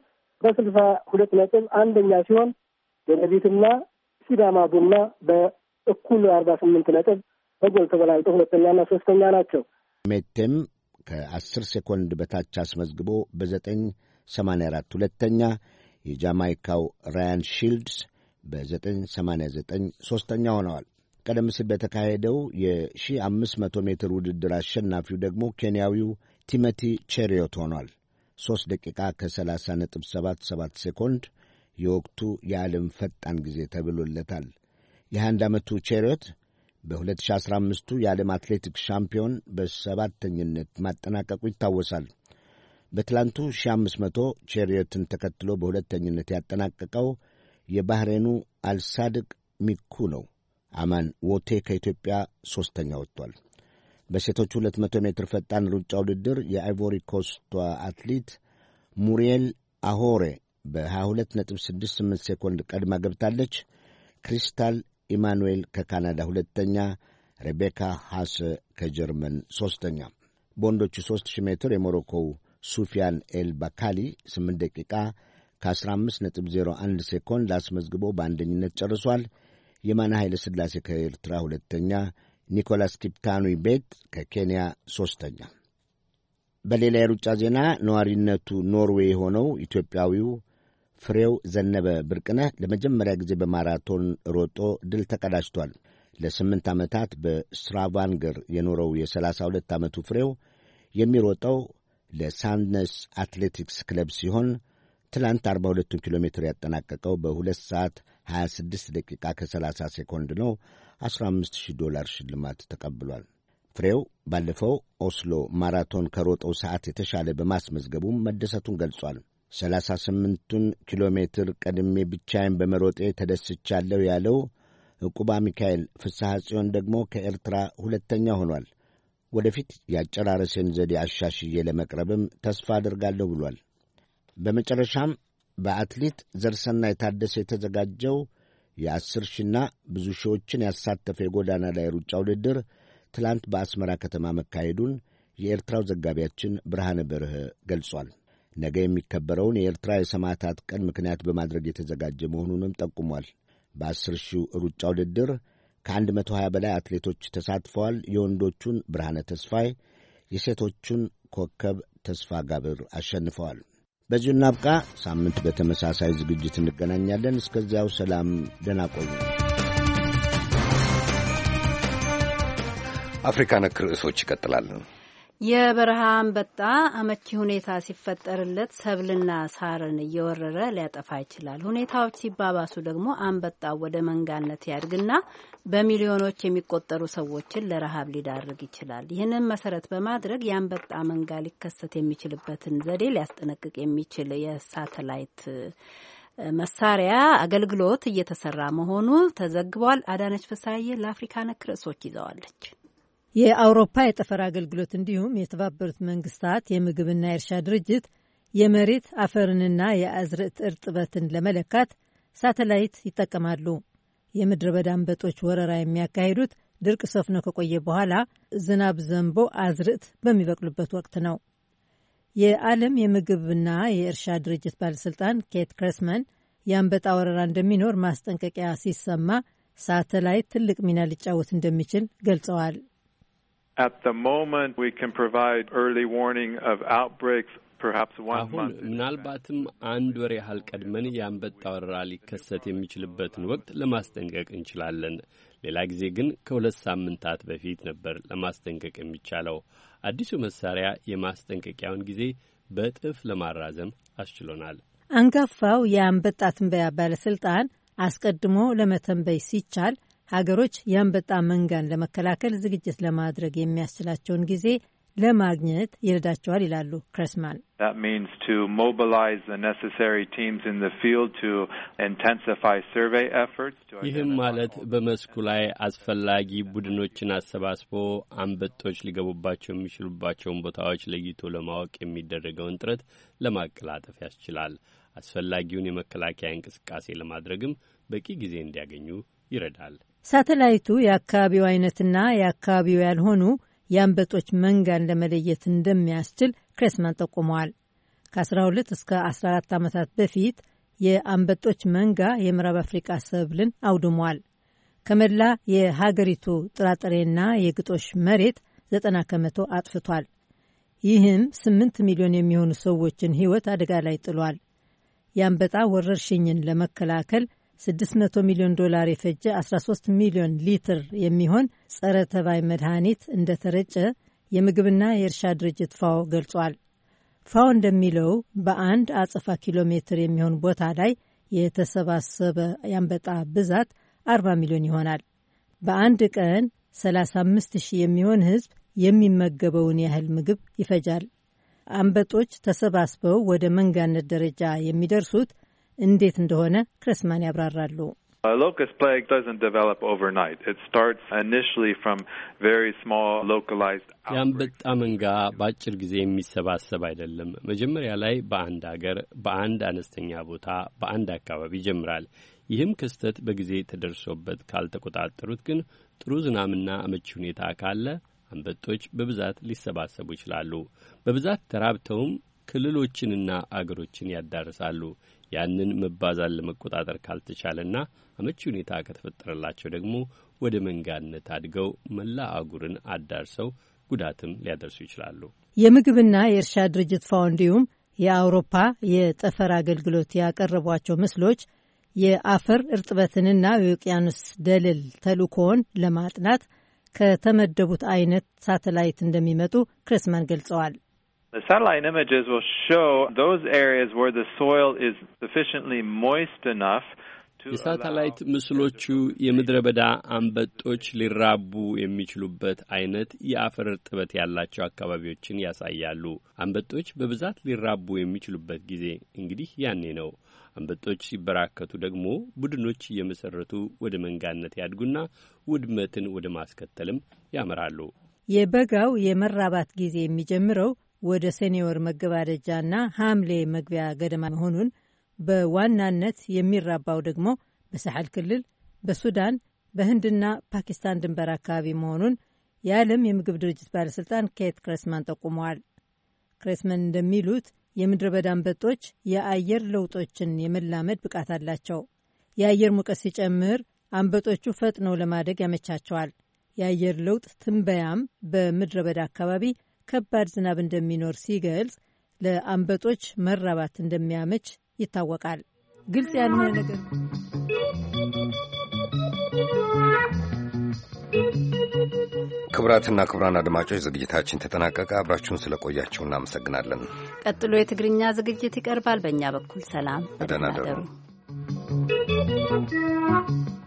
በስልሳ ሁለት ነጥብ አንደኛ ሲሆን ደደቢትና ሲዳማ ቡና በእኩል አርባ ስምንት ነጥብ በጎል ተበላልጦ ሁለተኛና ሶስተኛ ናቸው። ሜቴም ከአስር ሴኮንድ በታች አስመዝግቦ በዘጠኝ ሰማንያ አራት ሁለተኛ የጃማይካው ራያን ሺልድስ በ989 ሦስተኛ ሆነዋል። ቀደም ሲል በተካሄደው የ1500 ሜትር ውድድር አሸናፊው ደግሞ ኬንያዊው ቲመቲ ቼሪዮት ሆኗል። 3 ደቂቃ ከ30.77 ሴኮንድ የወቅቱ የዓለም ፈጣን ጊዜ ተብሎለታል። የ21 ዓመቱ ቼሪዮት በ2015ቱ የዓለም አትሌቲክስ ሻምፒዮን በሰባተኝነት ማጠናቀቁ ይታወሳል። በትላንቱ 1500 ቼሪዮትን ተከትሎ በሁለተኝነት ያጠናቀቀው የባህሬኑ አልሳድቅ ሚኩ ነው። አማን ዎቴ ከኢትዮጵያ ሦስተኛ ወጥቷል። በሴቶች 200 ሜትር ፈጣን ሩጫ ውድድር የአይቮሪ ኮስቷ አትሌት ሙሪኤል አሆሬ በ22.68 ሴኮንድ ቀድማ ገብታለች። ክሪስታል ኢማኑኤል ከካናዳ ሁለተኛ፣ ሬቤካ ሃስ ከጀርመን ሦስተኛ። በወንዶቹ 3000 ሜትር የሞሮኮው ሱፊያን ኤል ባካሊ 8 ደቂቃ ከ15.01 ሴኮንድ አስመዝግቦ በአንደኝነት ጨርሷል። የማነ ኃይለ ሥላሴ ከኤርትራ ሁለተኛ፣ ኒኮላስ ኪፕታኑይ ቤት ከኬንያ ሦስተኛ። በሌላ የሩጫ ዜና ነዋሪነቱ ኖርዌይ የሆነው ኢትዮጵያዊው ፍሬው ዘነበ ብርቅነህ ለመጀመሪያ ጊዜ በማራቶን ሮጦ ድል ተቀዳጅቷል። ለስምንት ዓመታት በስትራቫንገር የኖረው የ32 ዓመቱ ፍሬው የሚሮጠው ለሳንነስ አትሌቲክስ ክለብ ሲሆን ትላንት 42 ኪሎ ሜትር ያጠናቀቀው በ2 ሰዓት 26 ደቂቃ ከ30 ሴኮንድ ነው። 15000 ዶላር ሽልማት ተቀብሏል። ፍሬው ባለፈው ኦስሎ ማራቶን ከሮጠው ሰዓት የተሻለ በማስመዝገቡም መደሰቱን ገልጿል። 38ቱን ኪሎ ሜትር ቀድሜ ብቻዬን በመሮጤ ተደስቻለሁ ያለው ዕቁባ ሚካኤል ፍስሐ ጽዮን ደግሞ ከኤርትራ ሁለተኛ ሆኗል። ወደፊት የአጨራረሴን ዘዴ አሻሽዬ ለመቅረብም ተስፋ አድርጋለሁ ብሏል። በመጨረሻም በአትሌት ዘርሰናይ ታደሰ የተዘጋጀው የአስር ሺና ብዙ ሺዎችን ያሳተፈ የጎዳና ላይ ሩጫ ውድድር ትላንት በአስመራ ከተማ መካሄዱን የኤርትራው ዘጋቢያችን ብርሃነ በርህ ገልጿል። ነገ የሚከበረውን የኤርትራ የሰማዕታት ቀን ምክንያት በማድረግ የተዘጋጀ መሆኑንም ጠቁሟል። በአስር ሺው ሩጫ ውድድር ከአንድ መቶ ሀያ በላይ አትሌቶች ተሳትፈዋል። የወንዶቹን ብርሃነ ተስፋይ የሴቶቹን ኮከብ ተስፋ ጋብር አሸንፈዋል። በዚሁ እናብቃ። ሳምንት በተመሳሳይ ዝግጅት እንገናኛለን። እስከዚያው ሰላም፣ ደህና ቆዩ። አፍሪካ ነክ ርዕሶች ይቀጥላል። የበረሃ አንበጣ አመቺ ሁኔታ ሲፈጠርለት ሰብልና ሳርን እየወረረ ሊያጠፋ ይችላል። ሁኔታዎች ሲባባሱ ደግሞ አንበጣ ወደ መንጋነት ያድግና በሚሊዮኖች የሚቆጠሩ ሰዎችን ለረሃብ ሊዳርግ ይችላል። ይህንን መሰረት በማድረግ የአንበጣ መንጋ ሊከሰት የሚችልበትን ዘዴ ሊያስጠነቅቅ የሚችል የሳተላይት መሳሪያ አገልግሎት እየተሰራ መሆኑ ተዘግቧል። አዳነች ፍሳዬ ለአፍሪካ ነክ ርዕሶች ይዘዋለች። የአውሮፓ የጠፈር አገልግሎት እንዲሁም የተባበሩት መንግስታት የምግብና የእርሻ ድርጅት የመሬት አፈርንና የአዝርዕት እርጥበትን ለመለካት ሳተላይት ይጠቀማሉ። የምድረ በዳ አንበጦች ወረራ የሚያካሂዱት ድርቅ ሰፍኖ ከቆየ በኋላ ዝናብ ዘንቦ አዝርዕት በሚበቅሉበት ወቅት ነው። የዓለም የምግብና የእርሻ ድርጅት ባለሥልጣን ኬት ክረስመን የአንበጣ ወረራ እንደሚኖር ማስጠንቀቂያ ሲሰማ ሳተላይት ትልቅ ሚና ሊጫወት እንደሚችል ገልጸዋል። አሁን ምናልባትም አንድ ወር ያህል ቀድመን የአንበጣ ወረራ ሊከሰት የሚችልበትን ወቅት ለማስጠንቀቅ እንችላለን። ሌላ ጊዜ ግን ከሁለት ሳምንታት በፊት ነበር ለማስጠንቀቅ የሚቻለው። አዲሱ መሳሪያ የማስጠንቀቂያውን ጊዜ በእጥፍ ለማራዘም አስችሎናል። አንጋፋው የአንበጣ ትንበያ ባለስልጣን አስቀድሞ ለመተንበይ ሲቻል ሀገሮች የአንበጣ መንጋን ለመከላከል ዝግጅት ለማድረግ የሚያስችላቸውን ጊዜ ለማግኘት ይረዳቸዋል ይላሉ ክረስማን። ይህም ማለት በመስኩ ላይ አስፈላጊ ቡድኖችን አሰባስቦ አንበጦች ሊገቡባቸው የሚችሉባቸውን ቦታዎች ለይቶ ለማወቅ የሚደረገውን ጥረት ለማቀላጠፍ ያስችላል። አስፈላጊውን የመከላከያ እንቅስቃሴ ለማድረግም በቂ ጊዜ እንዲያገኙ ይረዳል። ሳተላይቱ የአካባቢው አይነትና የአካባቢው ያልሆኑ የአንበጦች መንጋን ለመለየት እንደሚያስችል ክሬስማን ጠቁመዋል። ከ12 እስከ 14 ዓመታት በፊት የአንበጦች መንጋ የምዕራብ አፍሪቃ ሰብልን አውድሟል። ከመላ የሀገሪቱ ጥራጥሬና የግጦሽ መሬት 90 ከመቶ አጥፍቷል። ይህም 8 ሚሊዮን የሚሆኑ ሰዎችን ሕይወት አደጋ ላይ ጥሏል። የአንበጣ ወረርሽኝን ለመከላከል 600 ሚሊዮን ዶላር የፈጀ 13 ሚሊዮን ሊትር የሚሆን ጸረ ተባይ መድኃኒት እንደተረጨ የምግብና የእርሻ ድርጅት ፋኦ ገልጿል። ፋኦ እንደሚለው በአንድ አጽፋ ኪሎ ሜትር የሚሆን ቦታ ላይ የተሰባሰበ ያንበጣ ብዛት 40 ሚሊዮን ይሆናል። በአንድ ቀን 35 ሺህ የሚሆን ህዝብ የሚመገበውን ያህል ምግብ ይፈጃል። አንበጦች ተሰባስበው ወደ መንጋነት ደረጃ የሚደርሱት እንዴት እንደሆነ ክረስማን ያብራራሉ። የአንበጣ መንጋ በአጭር ጊዜ የሚሰባሰብ አይደለም። መጀመሪያ ላይ በአንድ አገር በአንድ አነስተኛ ቦታ በአንድ አካባቢ ይጀምራል። ይህም ክስተት በጊዜ ተደርሶበት ካልተቆጣጠሩት ግን ጥሩ ዝናምና አመቺ ሁኔታ ካለ አንበጦች በብዛት ሊሰባሰቡ ይችላሉ። በብዛት ተራብተውም ክልሎችንና አገሮችን ያዳርሳሉ። ያንን መባዛን ለመቆጣጠር ካልተቻለና አመቺ ሁኔታ ከተፈጠረላቸው ደግሞ ወደ መንጋነት አድገው መላ አጉርን አዳርሰው ጉዳትም ሊያደርሱ ይችላሉ። የምግብና የእርሻ ድርጅት ፋው እንዲሁም የአውሮፓ የጠፈር አገልግሎት ያቀረቧቸው ምስሎች የአፈር እርጥበትንና የውቅያኖስ ደለል ተልእኮውን ለማጥናት ከተመደቡት አይነት ሳተላይት እንደሚመጡ ክርስመን ገልጸዋል። The satellite images will show those areas where the soil is sufficiently moist enough የሳተላይት ምስሎቹ የምድረ በዳ አንበጦች ሊራቡ የሚችሉበት አይነት የአፈር እርጥበት ያላቸው አካባቢዎችን ያሳያሉ። አንበጦች በብዛት ሊራቡ የሚችሉበት ጊዜ እንግዲህ ያኔ ነው። አንበጦች ሲበራከቱ ደግሞ ቡድኖች እየመሰረቱ ወደ መንጋነት ያድጉና ውድመትን ወደ ማስከተልም ያመራሉ። የበጋው የመራባት ጊዜ የሚጀምረው ወደ ሰኔ ወር መገባደጃና ሐምሌ መግቢያ ገደማ መሆኑን በዋናነት የሚራባው ደግሞ በሳሐል ክልል፣ በሱዳን፣ በህንድና ፓኪስታን ድንበር አካባቢ መሆኑን የዓለም የምግብ ድርጅት ባለሥልጣን ኬት ክሬስማን ጠቁመዋል። ክሬስመን እንደሚሉት የምድረ በዳ አንበጦች የአየር ለውጦችን የመላመድ ብቃት አላቸው። የአየር ሙቀት ሲጨምር አንበጦቹ ፈጥነው ለማደግ ያመቻቸዋል። የአየር ለውጥ ትንበያም በምድረ በዳ አካባቢ ከባድ ዝናብ እንደሚኖር ሲገልጽ ለአንበጦች መራባት እንደሚያመች ይታወቃል። ግልጽ ያልሆነ ነገር ክቡራትና ክቡራን አድማጮች ዝግጅታችን ተጠናቀቀ። አብራችሁን ስለቆያችሁ እናመሰግናለን። ቀጥሎ የትግርኛ ዝግጅት ይቀርባል። በእኛ በኩል ሰላም፣ Thank you.